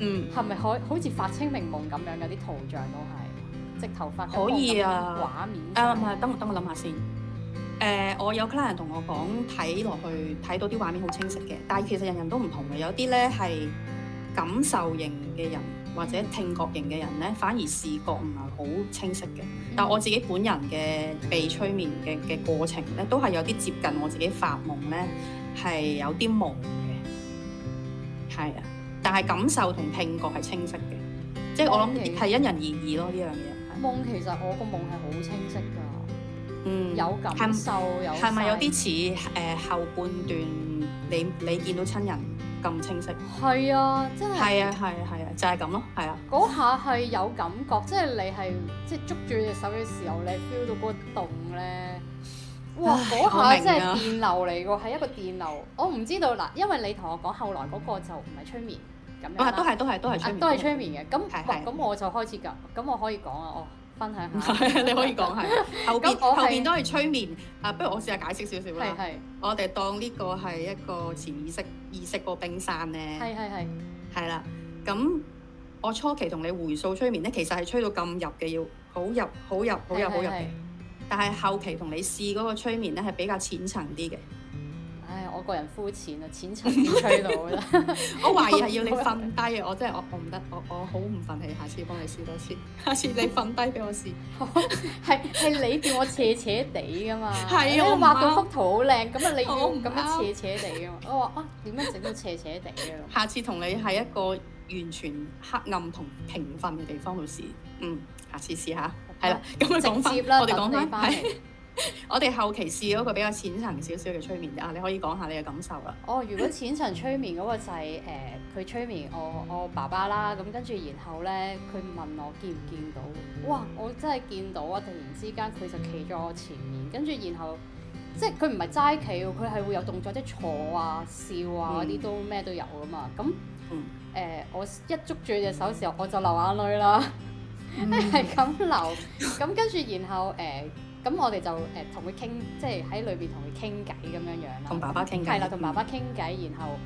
嗯，係咪可好似發清明夢咁樣嘅啲圖像都係，即係頭髮可以啊，畫面，誒，唔係，等我等我諗下先。誒、呃，我有 client 同我講，睇落去睇到啲畫面好清晰嘅，但係其實人人都唔同嘅，有啲咧係感受型嘅人。或者聽覺型嘅人咧，反而視覺唔係好清晰嘅。但我自己本人嘅被催眠嘅嘅過程咧，都係有啲接近我自己發夢咧，係有啲夢嘅，係啊。但係感受同聽覺係清晰嘅，即係我諗係因人而異咯。呢樣嘢夢其實我個夢係好清晰㗎，嗯，有感受有，是是有係咪有啲似誒後半段你、嗯、你見到親人咁清晰？係啊，真係係啊，係啊，係、啊。就係咁咯，係啊、哎！嗰下係有感覺，即係你係即係捉住隻手嘅時候，你 feel 到嗰個凍咧，哇！嗰下即係電流嚟嘅喎，係一個電流。我唔知道嗱，因為你同我講後來嗰個就唔係催眠，咁樣都係都係都係催都係催眠嘅。咁咁我就開始㗎。咁我可以講啊，哦，分享下。你可以講係。後邊後邊都係催眠。啊，啊，不如我試下解釋少少啦。係我哋當呢個係一個潛意識意識嗰個冰山咧。係係係。係啦。咁我初期同你回溯催眠咧，其實係催到咁入嘅，要好入好入好入好入嘅。是的但係後期同你試嗰個催眠咧，係比較淺層啲嘅。個人膚淺啊，淺層催眠啦！我懷疑係要你瞓低啊！我真係我我唔得，我我好唔忿氣，下次幫你試多次。下次你瞓低俾我試，係係。 你叫我斜斜地㗎嘛？係 我畫到幅圖好靚，咁啊你唔咁樣斜斜地㗎嘛？我話啊，點解整到斜斜地啊？ 下次同你係一個完全黑暗同平瞓嘅地方去試。嗯，下次試下。係啦，咁啊講翻，我哋講翻。 我哋後期試嗰個比較淺層少少嘅催眠啊，你可以講下你嘅感受啦。哦，如果淺層催眠嗰個就係、係、誒，佢、呃、催眠我我爸爸啦。咁跟住，然後咧，佢問我見唔見到？哇！我真係見到啊！突然之間，佢就企咗我前面，跟住然後，即係佢唔係齋企，佢係會有動作，即係坐啊、笑啊嗰啲、嗯、都咩都有噶嘛。咁誒、嗯呃，我一捉住隻手嘅時候，我就流眼淚啦，係咁、嗯、 流。咁跟住，然後誒。呃 咁我哋就誒同佢傾，即係喺裏邊同佢傾偈咁樣樣啦。同爸爸傾偈。係啦，同爸爸傾偈，然後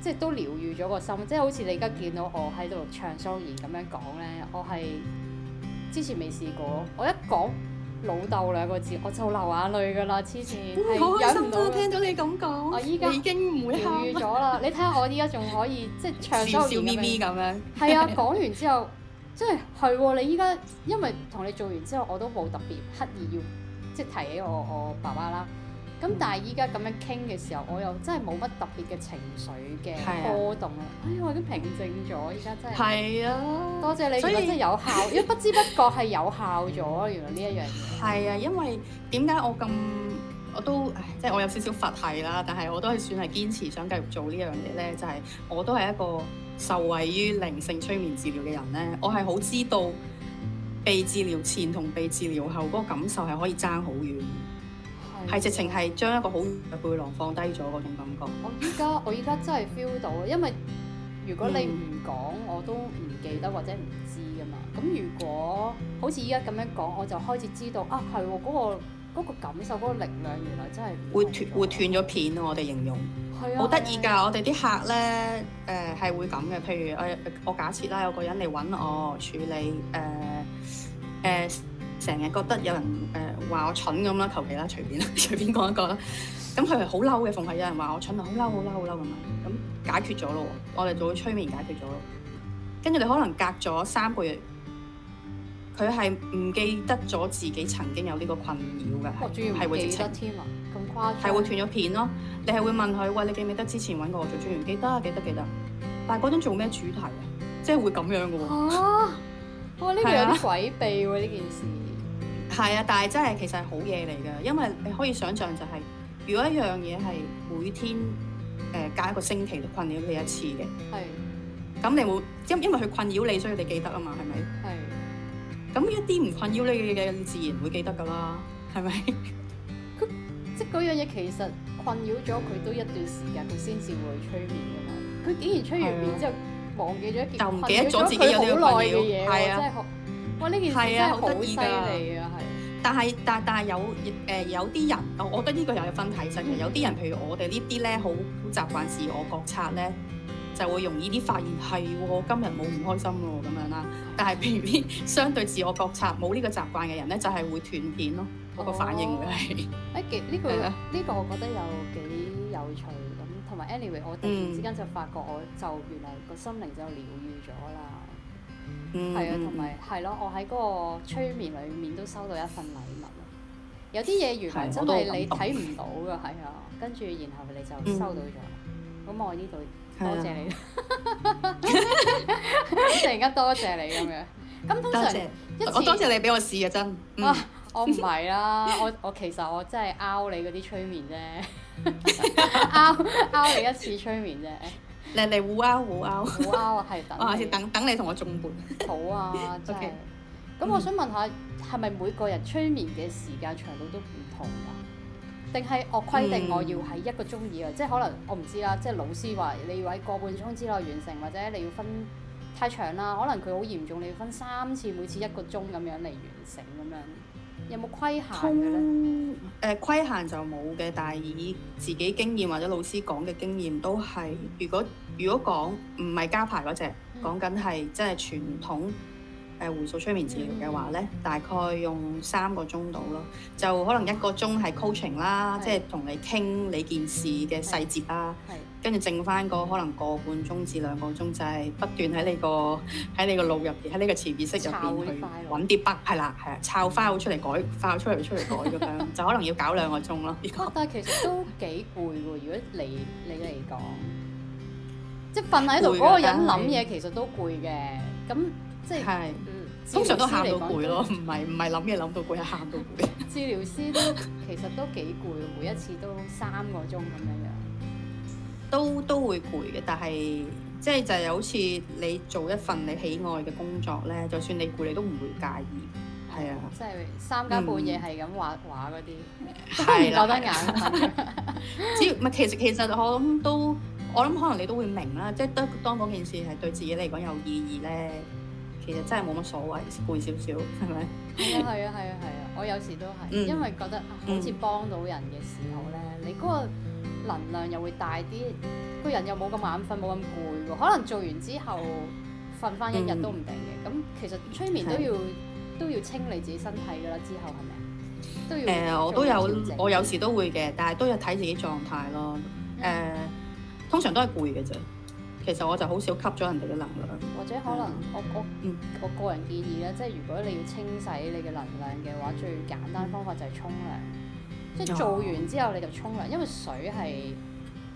即係都療癒咗個心，即係好似你而家見到我喺度唱雙言咁樣講咧，我係之前未試過，我一講老豆兩個字我就流眼淚㗎喇，黐線，係忍唔到。聽到你咁講，我依家已經療癒咗啦。你睇下我依家仲可以即係唱雙言咪咪咁樣。係啊，講完之後。即係係喎！你依家因為同你做完之後，我都冇特別刻意要即係提起我我爸爸啦。咁但係依家咁樣傾嘅時候，我又真係冇乜特別嘅情緒嘅波動啦。啊、哎我已經平靜咗，依家真係。係啊，啊！多謝你，所以真係有效，以因為不知不覺係有效咗。 原來呢一樣嘢係啊，因為點解我咁我都即係、就是、我有少少佛系啦，但係我都係算係堅持想繼續做呢樣嘢咧。嗯、就係我都係一個。受惠於靈性催眠治療嘅人呢，我係好知道被治療前同被治療後嗰個感受係可以爭好遠，係的直情係將一個好嘅背囊放低咗嗰種感覺。我依家我依家真係 feel 到，因為如果你唔講，嗯、我都唔記得或者唔知噶嘛。咁如果好似依家咁樣講，我就開始知道啊，係喎嗰個。嗰個感受，嗰、嗰個力量原來真係會斷會斷咗片咯，我哋形容。係啊。好得意㗎！啊啊、我哋啲客咧誒係會咁嘅，譬如我我假設啦，有個人嚟搵我處理誒誒，成、呃、日、呃、覺得有人誒話、呃、我蠢咁啦，求其啦，隨便啦，隨便講一個啦。咁佢係好嬲嘅，逢係有人話我蠢，好嬲好嬲好嬲咁樣。咁解決咗咯，我哋做催眠解決咗咯。跟住你可能隔咗三個月。佢係唔記得咗自己曾經有呢個困擾嘅，係會記得添啊！咁誇張係會斷咗片咯。你係會問佢：喂，你記唔記得之前揾過我做？完全記得，記得，記得。但係嗰陣做咩主題啊？即係會咁樣嘅喎。嚇！哇，呢樣有啲詭秘喎呢件事。係啊，啊，但係真係其實係好嘢嚟㗎，因為你可以想象就係、是，如果一樣嘢係每天誒隔、呃、一個星期都困擾你一次嘅，係咁是的 你冇因因為佢困擾你，所以你記得啊嘛，係咪？係是的。咁一啲唔困擾你嘅嘢，你自然會記得噶啦，係咪？佢即係嗰樣嘢其實困擾咗佢都一段時間，佢先至會催眠噶嘛。佢竟然催完眠之後、啊、忘記咗一件就唔記得困擾咗自己有好耐嘅嘢，啊、真係好哇！呢件事真係好得意啊！係。但係但但係有誒、呃、有啲人，我覺得呢個又有個分體質嘅。嗯、有啲人譬如我哋呢啲咧，好好習慣自我覺察咧，就會容易啲發現，係喎、啊，今日冇唔開心喎，咁樣啦。但係偏偏相對自我覺察冇呢個習慣嘅人咧，就係、是、會斷片咯。個反應就係誒呢個呢個，這個、我覺得又幾有趣咁。同、嗯、埋、嗯、anyway，我突然之間就發覺，我就原來個心靈就療愈咗啦。嗯，係啊，同埋係咯，我喺嗰個催眠裡面都收到一份禮物咯。有啲嘢原來真係你睇唔到噶，係啊。跟住然後你就收到咗。咁、嗯、我呢度。多謝，謝謝嗯、多，謝般般多謝你，突然間多謝你咁樣。咁通常，我多謝你俾我試啊真。我唔係啦，我我其實我真係拗你嗰啲催眠啫，拗拗你一次催眠啫。你嚟，互拗互拗。互拗啊，係等。我下次等等你同我中撥。好啊，真係。咁、okay. 我想問下，係咪、嗯、每個人催眠嘅時間長度都唔同㗎？定係我規定，我要喺一個鐘以內，嗯、即係可能我唔知啦。即係老師話你要喺個半鐘之內完成，或者你要分太長啦。可能佢好嚴重，你要分三次，每次一個鐘咁樣嚟完成咁樣。有冇規限嘅咧？誒、呃、規限就冇嘅，但係以自己經驗或者老師講嘅經驗都係，如果如果講唔係家排嗰隻，講緊係即係傳統。誒，回溯催眠治療嘅話咧，嗯、大概用三個鐘到咯，就可能一個鐘係 coaching 啦，是即係同你傾你件事嘅細節啦，跟住是剩翻個可能個半鐘至兩個鐘就係不斷喺你個喺你個腦入邊喺呢個潛意識入邊去揾啲筆，係啦，係啊，摷花會出嚟改，摷 出嚟出嚟改咁樣，就可能要搞兩個鐘咯。 但係其實都幾攰喎，如果你你嚟講， 即係瞓喺度嗰個人諗嘢是其實都攰嘅。咁即係通常都喊到攰咯，唔係唔係諗嘢諗到攰，係喊到攰。想著想著 治療師都其實都幾攰，每一次都三個鐘咁樣樣。都都會攰嘅，但係即係就係、係、好似你做一份你喜愛嘅工作咧，就算你攰，你都唔會介意。係啊，即係三更半夜係咁畫畫嗰啲，都覺得眼瞓、啊。只唔係其實其實,其實我諗都。我諗可能你都會明啦，即係得當嗰件事係對自己嚟講有意義咧，其實真係冇乜所謂，攰少少係咪？係 啊係啊係啊係啊！我有時都係，嗯、因為覺得好似幫到人嘅時候咧，嗯、你嗰個能量又會大啲，個人又冇咁眼瞓，冇咁攰喎。可能做完之後瞓翻一日都唔定嘅。咁、嗯、其實催眠都要都要清理自己身體㗎啦，之後係咪？都要。誒、嗯，我都有，我有時都會嘅，但係都要睇自己狀態咯。誒、呃。嗯嗯通常都係攰嘅啫，其實我就好少吸咗人哋嘅能量。或者可能我我我個人建議咧，即係如果你要清洗你嘅能量嘅話，最簡單方法就係沖涼。即係做完之後你就沖涼，因為水係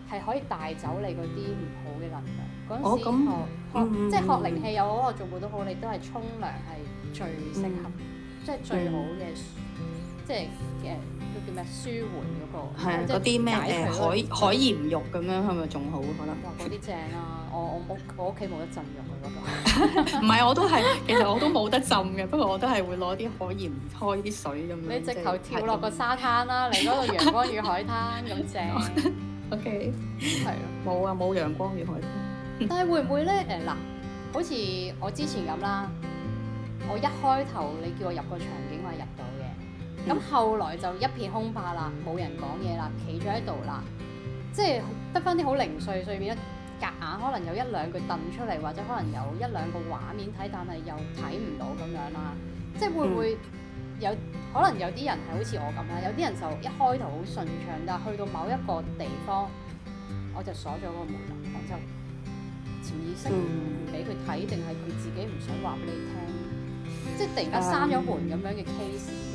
係可以帶走你嗰啲唔好嘅能量。嗰陣時學即係學靈氣又好，我做過都好，你都係沖涼係最適合，即係最好嘅，即係嘅。叫咩？舒緩嗰個，即係嗰啲咩誒海海鹽浴咁樣，係咪仲好？可能嗰啲正啊！我我冇，我屋企冇得浸浴咯。唔係，我都係，其實我都冇得浸嘅。不過我都係會攞啲海鹽開啲水咁樣。你直頭跳落個沙灘啦，嚟嗰度陽光與海灘咁正。OK，係啊，冇啊，冇陽光與海灘。但係會唔會咧？誒嗱，好似我之前咁啦，我一開頭你叫我入個場。咁、嗯、後來就一片空白啦，冇人講嘢啦，企咗喺度啦，即係得翻啲好零碎碎面一夾硬，可能有一兩句掙出嚟，或者可能有一兩個畫面睇，但係又睇唔到咁樣啦。即係會唔會有、嗯、可能有啲人係好似我咁啊？有啲人就一開頭好順暢，但去到某一個地方我就鎖咗個門啦，就潛意識唔俾佢睇，定係佢自己唔想話俾你聽？即係突然間閂咗門咁樣嘅 case、嗯。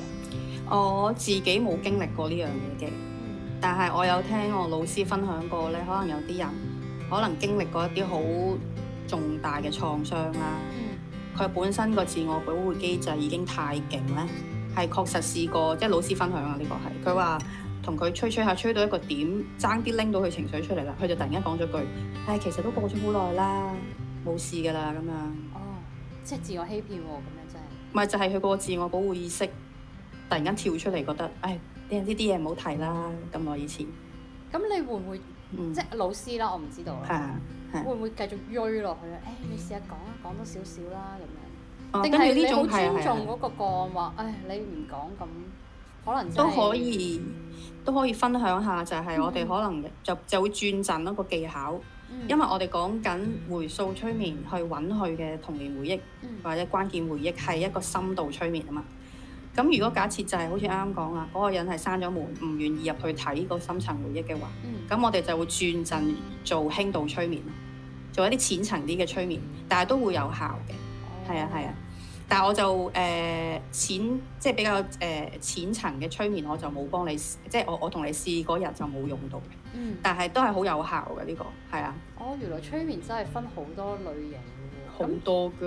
我自己冇經歷過呢樣嘢嘅，但係我有聽我老師分享過咧，可能有啲人可能經歷過一啲好重大嘅創傷啦，佢、嗯、本身個自我保護機制已經太勁咧，係確實試過，即係老師分享啊，呢、呢個係佢話同佢吹吹下，吹到一個點，爭啲拎到佢情緒出嚟啦，佢就突然間講咗句，唉，其實都過咗好耐啦，冇事㗎啦，咁樣。哦，即係自我欺騙喎，咁樣真係。唔係就係佢個自我保護意識。突然間跳出嚟，覺得誒呢啲嘢唔好提啦，咁我、嗯、以前。咁你會唔會、嗯、即老師啦？我唔知道啦。係啊，會唔會繼續追落去啊？誒，你試下講啊，講多少少啦咁樣。定係、哦、你好尊重嗰個個案話？誒、哦，你唔講咁，可能、就是、都可以都可以分享下，就係、是、我哋可能就就會轉陣一個技巧，嗯、因為我哋講緊回溯催眠去揾佢嘅童年回憶或者關鍵回憶，係一個深度催眠啊嘛。咁如果假設就係好似啱啱講啊，嗰、那個人係閂咗門，唔願意入去睇個深層回憶嘅話，咁、嗯、我哋就會轉陣做輕度催眠，做一啲淺層啲嘅催眠，但係都會有效嘅，係、哦、啊係啊。但係我就誒、呃、淺，即、就、係、是、比較誒、呃、淺層嘅催眠我、就是我，我就冇幫你，即係我我同你試嗰日就冇用到嘅，嗯、但係都係好有效嘅呢、這個，係啊。哦，原來催眠真係分好多類型。好那多噶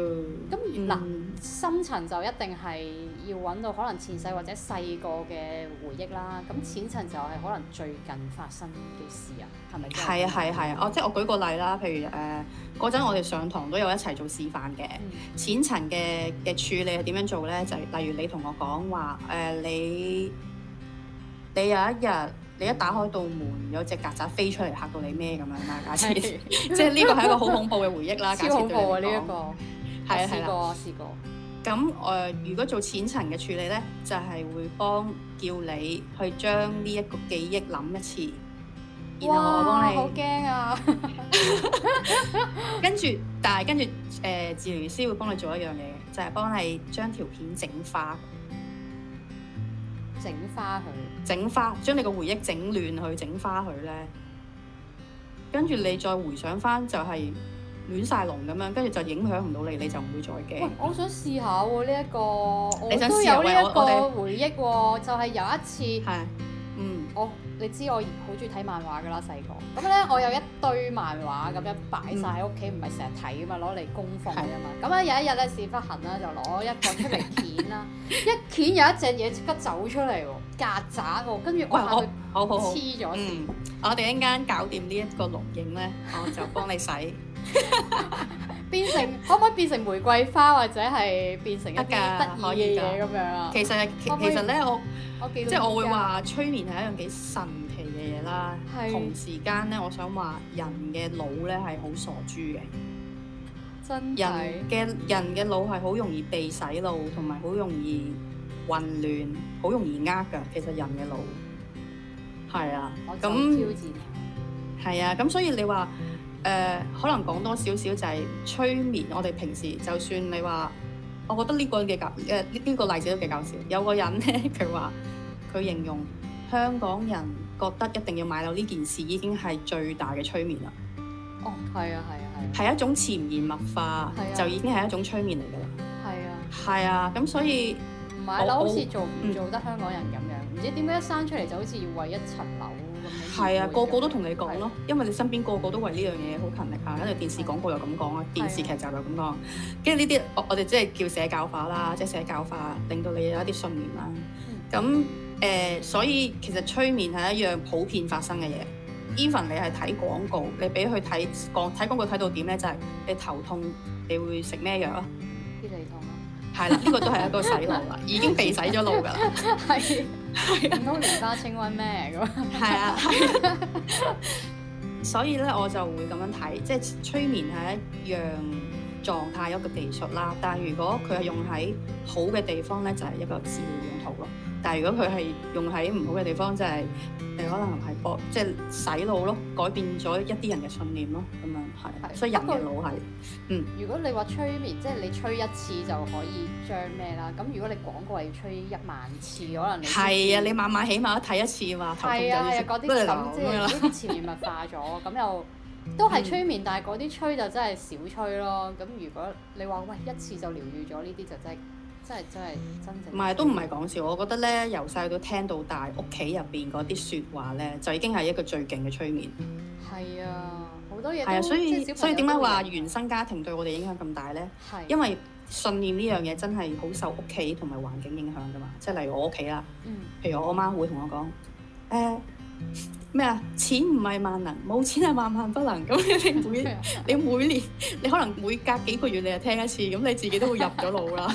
咁嗱，深層就一定係要揾到可能前世或者細個嘅回憶啦。咁、嗯、淺層就係可能最近發生嘅事啊，係咪？係呀係呀係呀，哦，即係我舉個例啦。譬如誒，嗰、呃、陣我哋上堂都有一齊做示範嘅，嗯、淺層嘅嘅處理係點樣做咧？就係、是、例如你同我講話誒，你你有一日。你一打開道門，有隻曱甴飛出嚟嚇到你咩咁樣啦？假設，是的 即係呢個係一個好恐怖嘅回憶啦。 假設對超恐怖啊！呢一個，係啊係啦，試過試過。咁誒的過、呃，如果做淺層嘅處理咧，就係、是、會幫你叫你去將呢一個記憶諗一次，然後我幫你。好驚啊！ 跟住，但係跟住誒、呃，治療師會幫你做一樣嘢，就係、是、幫你將條片整化。整花佢，整花，將你個回憶整亂去整花佢咧，跟住你再回想翻就係亂晒龍咁樣，跟住就影響唔到你，你就唔會再驚。我想試下喎呢一個，我都有呢一個回憶喎，就係有一次。我、oh，你知我好中意睇漫畫噶啦，細個咁咧，我有一堆漫畫咁樣擺晒喺屋企，唔係成日睇啊嘛，攞嚟供奉啊嘛。咁咧有一日咧，屎忽痕啦，就攞一個出嚟鉗啦， 一鉗有一隻嘢即刻走出嚟喎、啊，曱甴喎，跟住我怕黐咗。好好好了嗯，我哋一陣搞掂呢一個錄影咧，我就幫你洗。 變成 可唔可以變成玫瑰花或者係變成一啲得意嘅嘢咁樣啊？其實其，可可其實咧，我即係我會話催眠係一樣幾神奇嘅嘢啦。的同時間咧，我想話人嘅腦咧係好傻豬嘅，真的人。人嘅人嘅腦係好容易被洗腦，同埋好容易混亂，好容易呃嘅。其實人嘅腦係啊，咁係啊，咁所以你話。嗯誒，uh, 可能講多少少就係、是、催眠。我哋平時就算你話，我覺得呢個嘅教誒呢個例子都幾搞笑。有個人咧，佢話佢形容香港人覺得一定要買樓呢件事已經係最大嘅催眠啦。哦，係啊，係啊，係，係一種潛移默化，就已經係一種催眠嚟㗎啦。係啊，係啊，咁、啊啊啊、所以買樓好似做唔做得香港人咁樣，唔、嗯、知點解一生出嚟就好似要為一層樓。係啊第一樣、嗯，個個都同你講咯，因為你身邊個個都為呢樣嘢好勤力啊，因為電視廣告又咁講啊，的電視劇就又咁講，跟住呢啲我我哋即係叫社教化啦，即係、嗯、社教化，令到你有一啲信念啦。咁誒、嗯呃，所以其實催眠係一樣普遍發生嘅嘢。even 你係睇廣告，你俾佢睇廣睇廣告睇到點咧，就係、是、你頭痛，你會食咩藥啊？必理痛咯。係啦，呢個都係一個洗腦啦， 已經被洗咗腦㗎啦。係。 係唔通連花清瘟咩咁？係啊，所以咧我就會咁樣睇，即係催眠係一樣狀態，一個技術啦。但係如果佢係用喺好嘅地方咧，就係一個治療用途咯。但係如果佢係用喺唔好嘅地方，就係、是、你可能係博，即、就、係、是、洗腦咯，改變咗一啲人嘅信念咯，咁樣係是，所以人嘅腦係是，是嗯。如果你話催眠，即、就、係、是、你催一次就可以將咩啦？咁如果你廣告係吹一萬次，可能係啊，你晚晚起碼睇一次嘛，頭痛就要食咩？你諗即係嗰啲催化咗，咁又都係催眠，嗯、但係嗰啲吹就真係少吹咯。咁如果你話喂一次就療愈咗呢啲，就真係。真係真係真正唔係都唔係講笑，我覺得咧，由細到聽到大，屋企入邊嗰啲説話咧，就已經係一個最勁嘅催眠。係、嗯、啊，好多嘢。係啊，所以所以點解話原生家庭對我哋影響咁大咧？係、啊、因為信念呢樣嘢真係好受屋企同埋環境影響㗎嘛，即、就、係、是、例如我屋企啦，嗯、譬如我阿媽，媽會同我講，誒、欸。咩啊？錢唔係萬能，冇錢係萬萬不能。咁你每 你每年，你可能每隔幾個月你就聽一次，咁你自己都會入咗腦啦。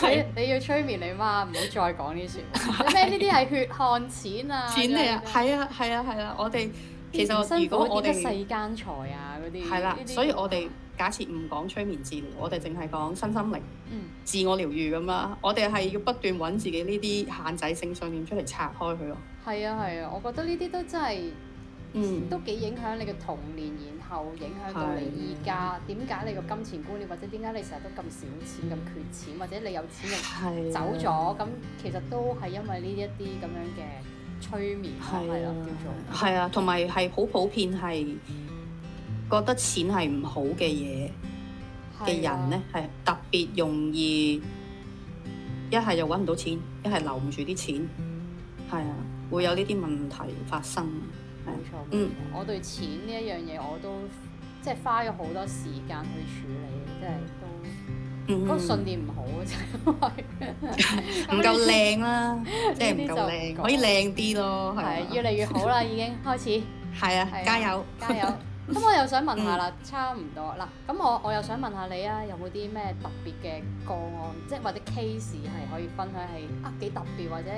係你要催眠你媽？唔好再講呢啲説話。咩呢啲係血汗錢啊？錢嚟啊！係啊係啊係啊，啊！我哋其實辛苦，如果我哋世間財啊啲係啦，所以我哋。假設唔講催眠治療，我哋淨係講身心靈、嗯、自我療愈咁啦。我哋係要不斷揾自己呢啲限制性信念出嚟拆開佢咯。係啊係啊，我覺得呢啲都真係，嗯，都幾影響你嘅童年，然後影響到你而家，啊。點解你個金錢觀念，或者點解你成日都咁少錢、咁缺錢，或者你有錢人走咗？咁其實都係因為呢一啲咁樣嘅催眠係啊，叫做係啊，同埋係好普遍係。覺得錢係唔好嘅嘢嘅人咧，係特別容易一係又揾唔到錢，一係留唔住啲錢，係啊，會有呢啲問題發生。冇錯，嗯，我對錢呢一樣嘢我都即係花咗好多時間去處理，即係都嗰個信念唔好啊，真唔夠靚啦，即係唔夠靚，可以靚啲咯，係越嚟越好啦，已經開始。係啊，加油！加油！咁我又想問下、嗯、啦，差唔多啦。咁我我又想問下你啊，有冇啲咩特別嘅個案，即係或者 case 係可以分享，係啊幾特別，或者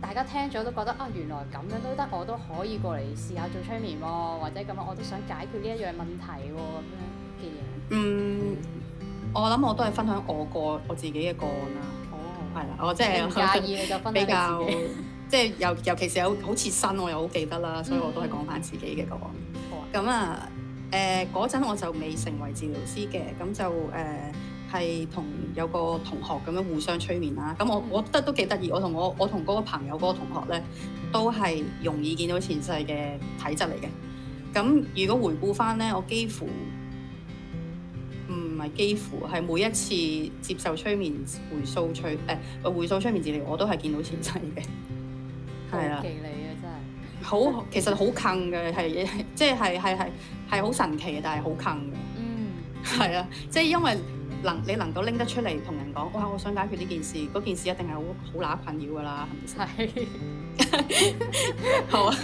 大家聽咗都覺得啊原來咁樣都得，我都可以過嚟試下做催眠喎，或者咁樣，我都想解決呢一樣問題喎咁樣嘅嘢。啊、嗯，嗯我諗我都係分享我個我自己嘅個案啦。哦，係啦，我即係唔介意你又分享比較即係尤尤其是有好好切身，我又好記得啦，所以我都係講翻自己嘅個案。嗯咁啊，誒，陣我就未成為治療師嘅，咁就誒係同有個同學咁樣互相催眠啦。咁我我覺得都幾得意，我同我我同個朋友個同學咧，嗯、都係容易見到前世嘅體質嚟嘅。咁如果回顧翻咧，我幾乎唔係幾乎係每一次接受催眠回溯催誒、呃、回溯催眠治療我都係見到前世嘅。係啦。好，其實好近嘅係，即係係係係好神奇嘅，但係好近嘅。嗯，係啊，即係因為能你能夠拎得出嚟同人講，哇！我想解決呢件事，嗰件事一定係好好乸困擾㗎啦，係咪？係是。 好啊，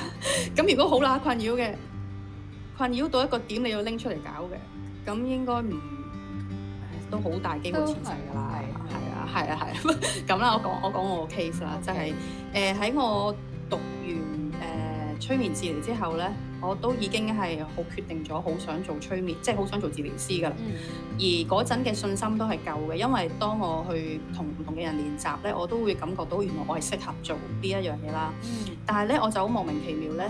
咁如果好乸困擾嘅困擾到一個點，你要拎出嚟搞嘅，咁應該唔都好大機會前世㗎啦。係啊是，係啊的，係咁啦。我講我講我個 case 啦，Okay. 就係誒喺我讀完催眠治療之後呢，我都已經係好決定咗，好想做催眠，即係好想做治療師㗎喇。嗯、而嗰陣嘅信心都係夠嘅，因為當我去同唔同嘅人練習呢，我都會感覺到原來我係適合做呢一樣嘢啦。嗯、但係呢，我就好莫名其妙呢，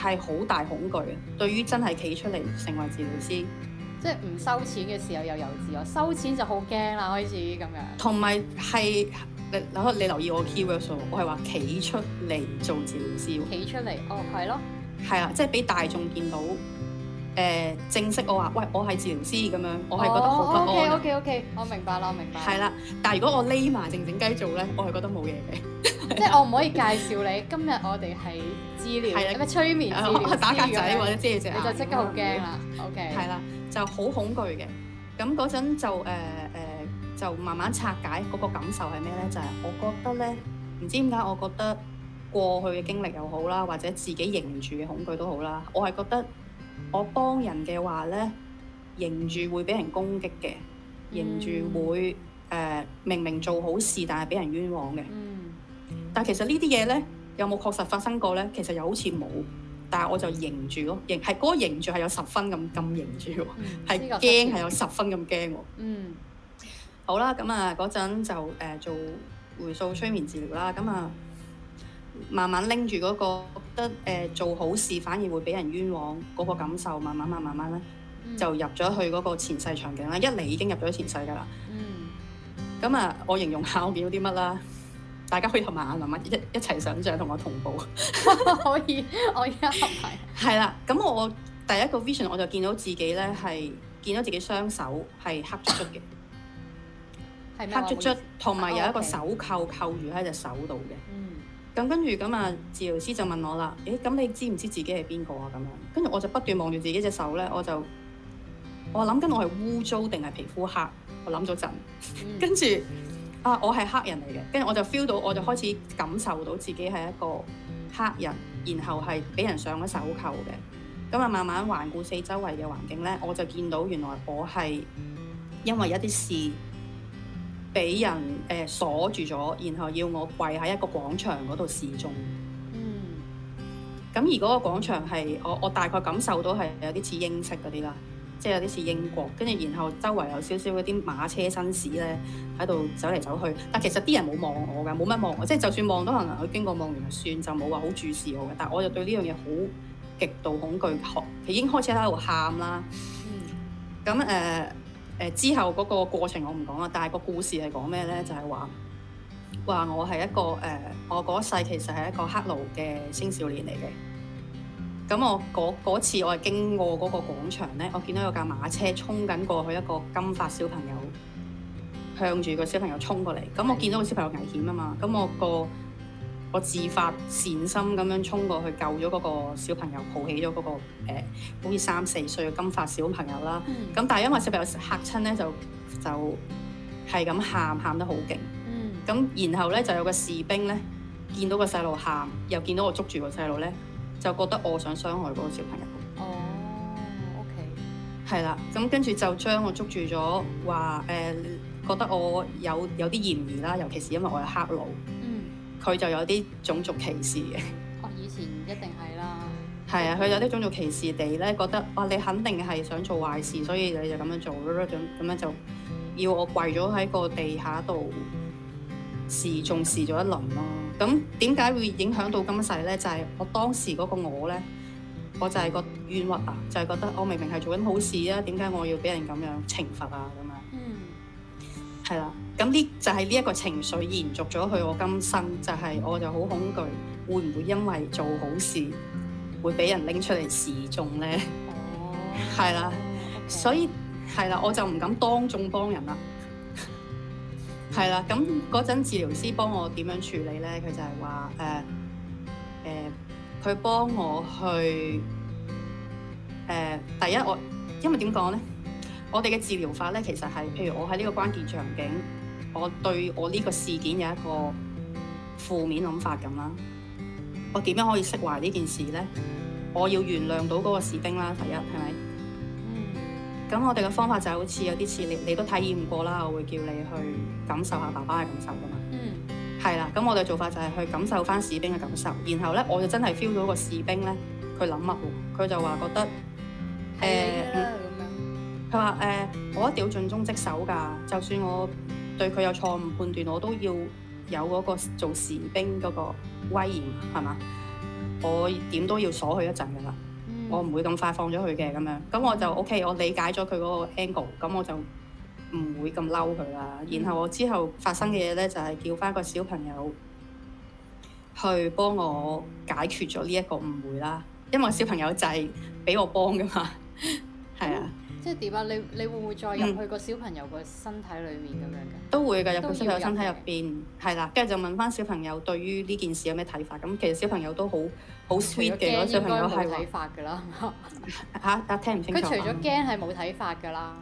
係好大恐懼啊！對於真係企出嚟成為治療師，即係唔收錢嘅時候又幼稚，我收錢就好驚啦，開始咁樣。同埋係。你嗱，你留意我 key word 喎我係話企出嚟做治療師。企出嚟，哦，係咯。係啊，即係俾大眾見到，誒、呃，正式我話，喂，我係治療師咁樣，我係覺得好唔安 O K O K O K，我明白啦，我明白。係啦，但係如果我匿埋靜靜雞做咧，我係覺得冇嘢嘅。即係我唔可以介紹你， 今日我哋係治療咁咩催眠、呃、打格仔、呃、或者遮隻眼你就即刻好驚啦。O K，係啦，就好恐懼嘅。咁嗰陣就誒誒。呃呃呃就慢慢拆解嗰個感受係咩呢？就係我覺得呢，唔知點解我覺得過去嘅經歷又好啦，或者自己凝住嘅恐懼都好啦，我係覺得我幫人嘅話呢，凝住會俾人攻擊嘅，凝住、嗯、會誒、呃、明明做好事但係俾人冤枉嘅。嗯嗯、但其實呢啲嘢呢，有冇確實發生過呢？其實又好似冇，但係我就凝住咯，凝、係嗰個凝住係有十分咁咁凝住，係驚係有十分咁驚喎。嗯。好啦，咁啊嗰陣就誒、呃、做回溯催眠治療啦，咁、嗯、啊慢慢拎住嗰個覺得誒、呃、做好事反而會俾人冤枉嗰、那個感受，慢慢慢慢慢咧、嗯、就入咗去嗰個前世場景世啦。一嚟已經入咗前世㗎啦，咁啊、嗯、我形容下我見到啲乜啦，大家可以同埋眼諗一一齊想像同我同步。可 以， 我而家合埋。係啦，咁我第一個 vision 我就見到自己咧，係見到自己雙手係黑漆漆嘅。 黑卒卒，同埋有一個手扣扣住喺隻手度嘅。咁跟住咁啊，治療師就問我啦：誒、欸，咁你知唔知自己係邊個啊？咁樣跟住我就不斷望住自己隻手咧，我就我諗緊我係污糟定係皮膚黑。我諗咗陣，跟住、mm. 啊，我係黑人嚟嘅。跟住我就 feel 到，我就開始感受到自己係一個黑人，mm. 然後係俾人上咗手扣嘅。咁啊，慢慢環顧四周圍嘅環境咧，我就見到原來我係因為一啲事。俾人誒、呃、鎖住咗，然後要我跪喺一個廣場嗰度示眾。嗯。咁而嗰個廣場係我我大概感受到係有啲似英式嗰啲啦，即係有啲似英國，跟住然後周圍有少少嗰啲馬車紳士咧喺度走嚟走去，但其實啲人冇望我㗎，冇乜望我，即係就算望都可能佢經過望完就算，就冇話好注視我嘅。但係我就對呢樣嘢好極度恐懼，開已經開始喺度喊啦。嗯。咁誒。呃之後嗰個過程我唔講啦，但係個故事係講咩呢？就係話話我係一個誒、呃，我嗰世其實係一個黑奴嘅青少年嚟嘅。咁我嗰次我係經過嗰個廣場呢，我見到有架馬車衝緊過去一個金髮小朋友，向住個小朋友衝過嚟。咁我見到個小朋友危險啊嘛，咁我、個。我自發善心咁樣衝過去救咗嗰個小朋友，抱起咗嗰、嗰個、呃、好似三四歲嘅金髮小朋友啦。咁、mm hmm. 但係因為小朋友嚇親咧，就就係咁喊喊得好勁。咁、mm hmm. 然後咧就有個士兵咧見到個細路喊，又見到我捉住個細路咧，就覺得我想傷害嗰個小朋友。哦、oh，OK。係啦，咁跟住就將我捉住咗，話、呃、誒覺得我有有啲嫌疑啦，尤其是因為我係黑奴。Mm hmm. 佢就有啲種族歧視嘅、哦，我以前一定係啦。係 啊，佢有啲種族歧視地咧，覺得哇，你肯定係想做壞事，所以你就咁樣做咯，咁咁樣就要我跪咗喺個地下度，示眾示咗一輪咯、啊。咁點解會影響到今世咧？就係、是、我當時嗰個我咧，我就係個冤屈啊，就係、是、覺得我明明係做緊好事啊，點解我要俾人咁樣懲罰啊咁樣？嗯，係啦、啊。咁呢就係呢一個情緒延續咗去我今生，就係我就好恐懼，會唔會因為做好事會俾人拎出嚟示眾咧？係啦，所以係啦，yeah, 我就唔敢當眾幫人啦。係啦，咁嗰陣治療師幫我點樣處理咧？佢就係話誒誒，佢、uh, uh, 幫我去誒、uh, 第一我，因為點講咧？我哋嘅治療法咧，其實係譬如我喺呢個關鍵場景。我對我呢個事件有一個負面諗法咁啦，我點樣可以釋懷呢件事呢？我要原諒到嗰個士兵啦，第一係咪？嗯。咁我哋嘅方法就好似有啲似你，你都體驗過啦。我會叫你去感受下爸爸嘅感受㗎嘛。嗯。係啦，咁我哋做法就係去感受返士兵嘅感受，然後呢，我就真係 feel 到個士兵呢，佢諗乜喎？佢就話覺得誒，佢話誒，我一定要盡忠職守㗎，就算我，對佢有錯誤判斷，我都要有嗰個做士兵嗰個威嚴，係嘛？我點都要鎖佢一陣嘅啦，我唔會咁快放咗佢嘅咁樣。咁我就 OK，我理解咗佢嗰個 angle，咁我就唔會咁嬲佢啦。然後我之後發生嘅嘢咧，就係叫返個小朋友去幫我解決咗呢一個誤會啦。因為小朋友就係俾我幫㗎嘛。即係點啊？你你會唔會再入去個小朋友個身體裡面咁樣嘅？都會嘅，入去個小朋友身體入邊，係啦。跟住就問翻小朋友對於呢件事有咩睇法？咁其實小朋友都好好 sweet 嘅，嗰小朋友係睇法㗎啦嚇！聽唔清楚。佢除咗驚係冇睇法㗎啦，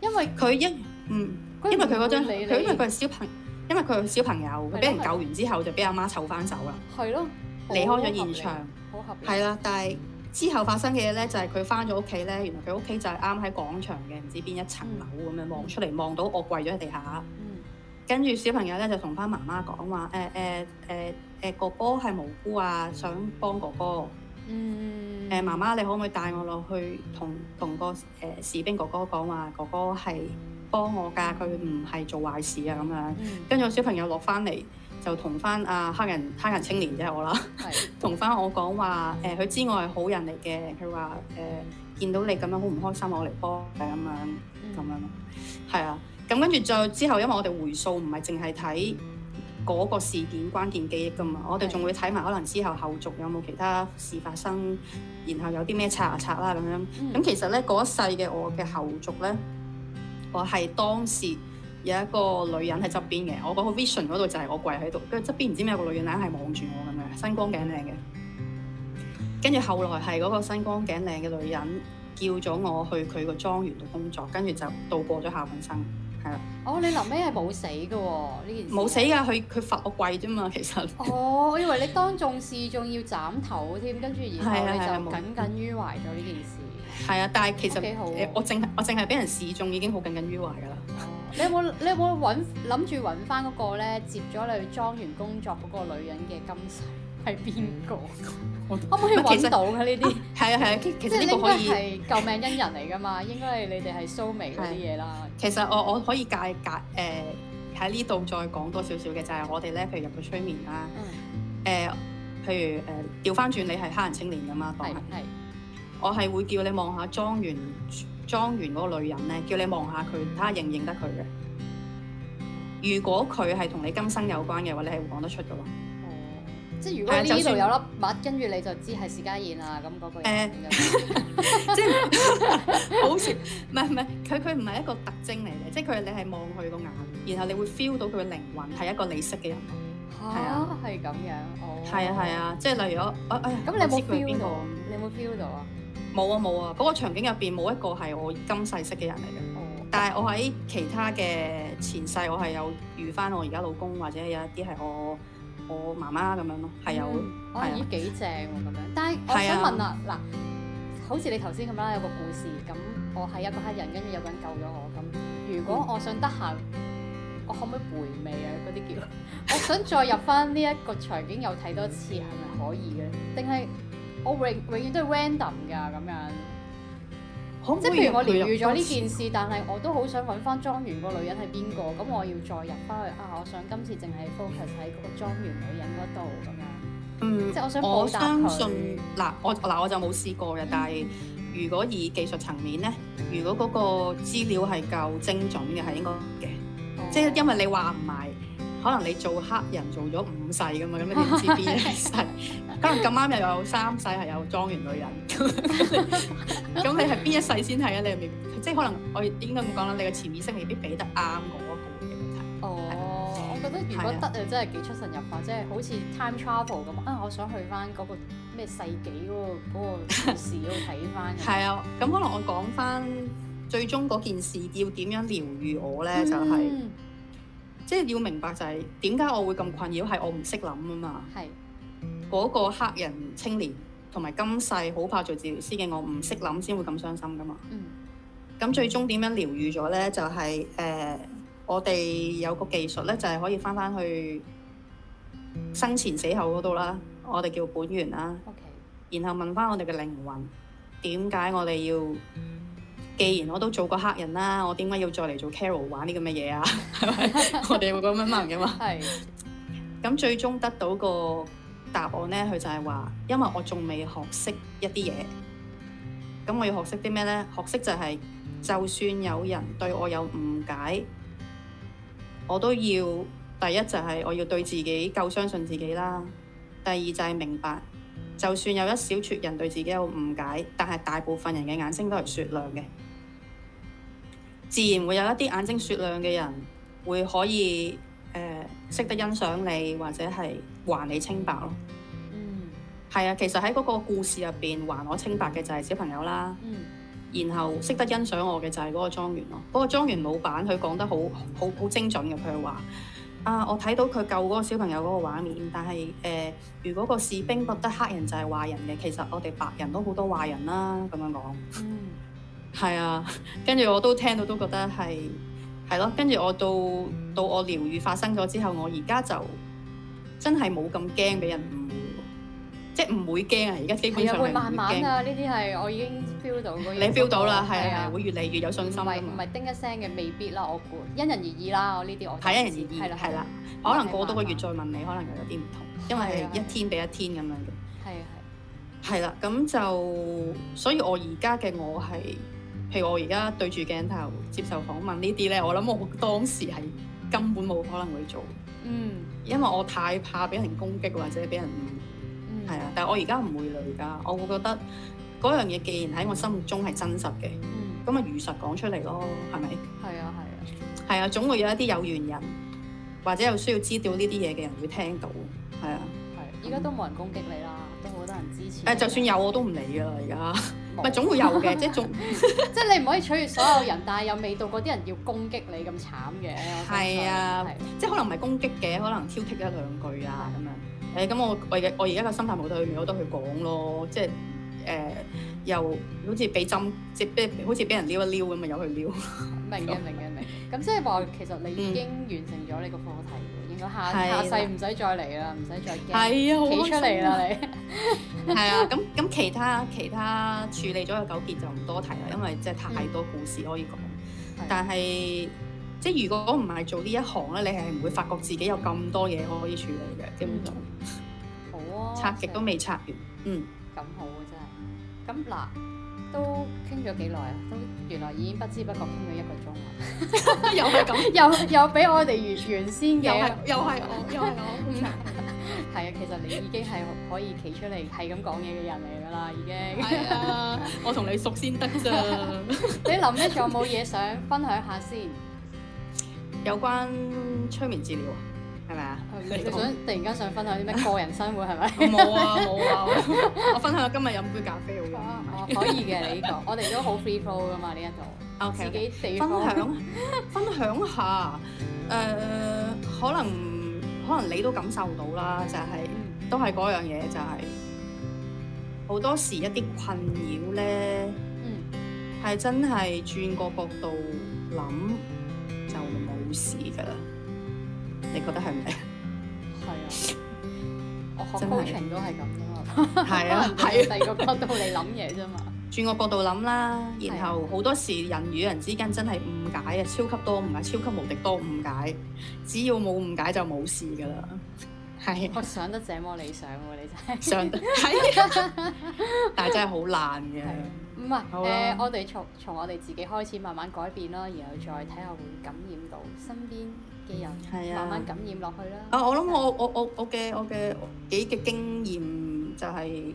因為佢一嗯，因為佢嗰張，佢因為佢係小朋，因為佢係小朋友，佢俾人救完之後就俾阿媽湊翻手啦，係咯，離開咗現場，好合理。係啦，但係。之後發生嘅嘢咧，就係佢翻咗屋企咧，原來佢屋企就係啱喺廣場嘅，唔知邊一層樓咁樣望出嚟，望到我跪咗喺地下。嗯。跟住小朋友咧就同翻媽媽講話，誒誒誒誒哥哥係無辜啊，想幫哥哥。嗯。誒、欸、媽媽，你可唔可以帶我落去同同個誒士兵哥哥講話？哥哥係幫我㗎，佢唔係做壞事啊咁樣。跟住、嗯、小朋友落翻嚟。就同翻阿黑人黑人青年即係，是 我啦，同、呃、翻我講話誒，佢知我係好人嚟嘅。佢話誒，見到你咁樣好唔開心，我嚟幫，係咁樣咁樣，係啊、嗯。咁跟住再之後，因為我哋回溯唔係淨係睇嗰個事件關鍵記憶噶嘛，我哋仲會睇埋可能之後後續有冇其他事發生，然後有啲咩拆啊拆啦咁樣。咁、嗯、其實咧嗰一世嘅我嘅後續咧，我係當時。有一個女人喺側邊嘅，我嗰個 vision 嗰度就係我跪喺度，跟住側邊唔知咩有個女人係望住我咁樣，新光頸靚嘅身光頸靚嘅。跟住後來係嗰個身光頸靚嘅女人叫咗我去佢個莊園度工作，跟住就度過咗下半生，係啦。哦，你臨尾係冇死嘅喎呢件事？事？冇死㗎，佢佢罰我跪啫嘛，哦、其實。哦，我以為你當眾示眾要斬頭添，跟住然後你就耿耿於懷咗呢件事。係啊，但係其實好的我淨我淨係俾人示眾已經好耿耿於懷㗎啦。 你有冇你有冇揾諗住揾翻嗰個咧接咗你去莊園工作嗰個女人嘅今世係邊個？可唔 可以揾到嘅呢啲？係啊係啊，其、 啊、其實呢個可以。即係應該係救命恩人嚟噶嘛， 應該係你哋係蘇眉嗰啲嘢啦。其實我我可以介介誒喺呢度再講多少少嘅，就係我哋咧，譬如入去催眠啦，誒、嗯呃、譬如誒調翻轉你係黑人青年噶嘛，當係我係會叫你望下莊園。莊園嗰個女人咧，叫你望下佢，睇下認唔認得佢嘅。如果佢係同你今生有關嘅話，你係會講得出嘅喎。哦，oh, 即係如果呢度有粒物，跟住你就知係史家燕啦。咁嗰個、欸、 即係 好似唔係唔係，佢佢唔係一個特徵嚟嘅，即係佢你係望佢個眼，然後你會 feel 到佢嘅靈魂係一個你識嘅人。啊、oh, 的，係咁樣？哦、oh.，係啊係啊，即係例如我，哎哎，咁你冇 feel 到？ 你冇 feel 到啊？冇啊冇啊，嗰、啊嗰個場景入邊冇一個係我今世識嘅人嚟嘅。哦，但係我喺其他嘅前世，我係有遇翻我而家老公，或者有一啲係我我媽媽咁樣咯，係有，咦幾、嗯啊、正喎咁樣。但係我想問、啊、啦，嗱，好似你頭先咁樣，有個故事咁，我係一個黑人，跟住有個人救咗我咁。如果我想得閒，哦、我可唔可以回味啊嗰啲叫？我想再入翻呢一個場景又睇多次，係咪 可以嘅？定係？我永、哦、永遠都係 random 㗎，咁樣。可可即係譬如我療癒咗呢件事，但係我都好想揾翻莊園個女人係邊個？咁、嗯、我要再入翻去啊！我想今次淨係 focus 喺嗰個莊園女人嗰度咁樣。嗯，即係我想補答佢。我相信嗱，我嗱我就冇試過嘅，嗯、但係如果以技術層面咧，如果嗰個資料係夠精準嘅，係應該嘅。即係、嗯、因為你話唔埋，可能你做黑人做咗五世咁啊，咁你點知邊一世？ 可能咁啱又有三世係有莊園女人咁， 你係邊一世先係啊？你即係可能我應該咁講啦，你嘅潛意識未必比得啱嗰個問題哦，吧我覺得如果得的就真係幾出神入化，即係好似 time travel 咁啊！我想去翻嗰個咩世紀嗰、那個那個嗰個嗰個故事嗰度睇翻。係啊， 咁可能我講翻最終嗰件事要點樣療愈我咧，就係即係要明白就係點解我會咁困擾，係我唔識諗啊嘛。係的。嗰個黑人青年同埋今世好怕做治療師嘅、嗯就是呃，我唔識諗先會咁傷心噶嘛。嗯。咁最終點樣療愈咗咧？就係誒，我哋有個技術咧，就係可以翻翻去生前死後嗰度啦。我哋叫本源啦。O K 的。然後問翻我哋嘅靈魂點解我哋要？嗯、既然我都做過黑人啦，我點解要再嚟做 Carol 玩呢咁嘅嘢啊？係 咪？我哋會咁問嘅嘛。係。咁最終得到個答案咧，佢就係話，因為我仲未學識一啲嘢。咁我要學識啲咩呢？學識就係、是，就算有人對我有誤解，我都要第一就係我要對自己夠相信自己啦。第二就係明白，就算有一小撮人對自己有誤解，但係大部分人嘅眼睛都係雪亮嘅，自然會有一啲眼睛雪亮嘅人會可以誒、呃、識得欣賞你或者係。還你清白咯，嗯，係啊。其實喺嗰個故事入邊，還我清白嘅就係小朋友啦。嗯，然後識得欣賞我嘅就係嗰個莊園咯。嗰、嗰個莊園老闆佢講得好好好精準嘅，佢話啊，我睇到佢救嗰個小朋友嗰個畫面，但係誒、呃，如果個士兵覺得黑人就係壞人嘅，其實我哋白人都好多壞人啦。咁樣講，嗯，係啊。跟住我都聽到都覺得係係咯。跟住我到、嗯、到我療癒發生咗之後，我而家就。真係冇咁驚俾人誤會，即係唔會驚啊！而家基本上係唔會驚。係啊，會慢慢啊，呢啲係我已經 feel 到嗰。你 feel 到啦，係啊，會越嚟越有信心。唔係叮一聲嘅，未必啦，我估因人而異啦。我呢啲我係因人而異啦，係啦。可能過多個月再問你，可能又有啲唔同，因為係一天比一天咁樣嘅。係啊，係。係啦，咁就所以我而家嘅我係，譬如我而家對住鏡頭接受訪問呢啲咧，我諗我當時係根本冇可能會做。嗯。因為我太怕俾人攻擊或者俾人，係啊、嗯！但係我而家唔會累㗎，我會覺得嗰樣嘢既然喺我心目中係真實嘅，咁啊、嗯、如實講出嚟咯，係咪？係啊係啊，係啊，總會有一啲有緣人或者有需要知道呢啲嘢嘅人會聽到，係啊。係，而家的那都冇人攻擊你啦，都好多人支持你。誒，就算有我都唔理㗎啦，而家。咪沒總會有嘅，即係總， 即係你唔可以取悦所有人， 但係又未到嗰啲人要攻擊你咁慘嘅。係啊，是即係可能唔係攻擊嘅，可能挑剔一兩句啊咁的樣。誒、欸，咁我我我而家個心態冇對，咪我都去講咯。即係誒、呃，又好似俾針，即係好似俾人撩一撩咁，咪由佢撩。明嘅，明嘅，明。咁即係話，其實你已經完成咗你個課題。嗯下的下世唔使再嚟啦，唔使再驚。係的啊，好開心啊你！係啊，咁咁其他其他處理咗嘅糾結就唔多提啦，因為真係太多故事可以講。但係即係如果唔係做呢一行咧，你係唔會發覺自己有咁多嘢可以處理嘅，基本上好啊。拆極都未拆完，行嗯。咁好啊，真係。咁嗱。都傾咗幾耐啊？都原來已經不知不覺傾咗一個鐘啦， 又係咁，又又俾我哋越原先嘅，又係我， 又係我，係啊！其實你已經係可以企出嚟係咁講嘢嘅人嚟噶啦，已經係 啊！我同你熟先得啫。你諗一陣仲有冇嘢想分享下先？ 有關催眠治療啊？係咪啊？你想突然間想分享啲咩個人生活係咪？冇 啊冇啊，我分享我今日飲杯咖啡好唔好可以嘅，你呢、這個，我哋都好 free flow 噶嘛呢一度，okay, okay. 自己分享分享下，誒、 呃、可能可能你都感受到啦，就係、是、都係嗰樣嘢，就係、是、好多時一啲困擾咧，係、嗯、真係轉個角度諗就冇事噶啦。你覺得係唔係啊？係啊，我高情都係咁啫嘛。係真啊，喺 第二個角度你諗嘢啫嘛。轉個角度諗啦， 然後好多時人與人之間真係誤解啊，超級多，唔係超級無敵多誤解。只要冇誤解就冇事噶 啦。係、呃，我想得這麼理想，你真係想，係但係真係好難嘅。唔係，誒，我哋從從我哋自己開始慢慢改變囉，然後再睇下會，會感染到身邊。係啊，慢慢感染落去啦。啊，我諗我我我我嘅我嘅幾嘅經驗就係、是，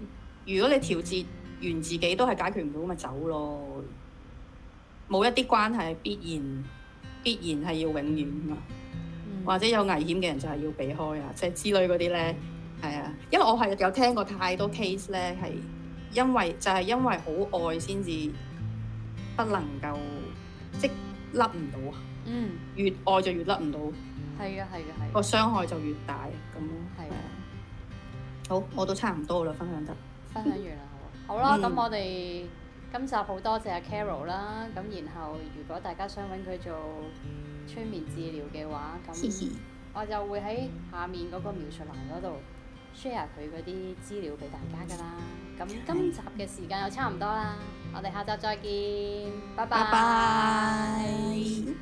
如果你調節完自己都係解決唔到，咁咪走咯。冇一啲關係必然必然係要永遠啊，嗯、或者有危險嘅人就係要避開啊，即、就、係、是、之類嗰啲咧，係啊，因為我係有聽過太多 case 咧，係因為就係、是、因為好愛先至不能夠即甩唔到啊。嗯，越愛就越甩唔到，係啊、嗯，係啊，係個傷害就越大咁。係啊，的好，我都差唔多啦，分享得分享完、嗯、啦。好好啦，咁我哋今集好多謝阿 Carol 啦。咁然後，如果大家想揾佢做催眠治療嘅話，咁我就會喺下面嗰個描述欄嗰度 share 佢嗰啲資料俾大家噶啦。咁今集嘅時間又差唔多啦，我哋下集再見，拜拜。Bye bye。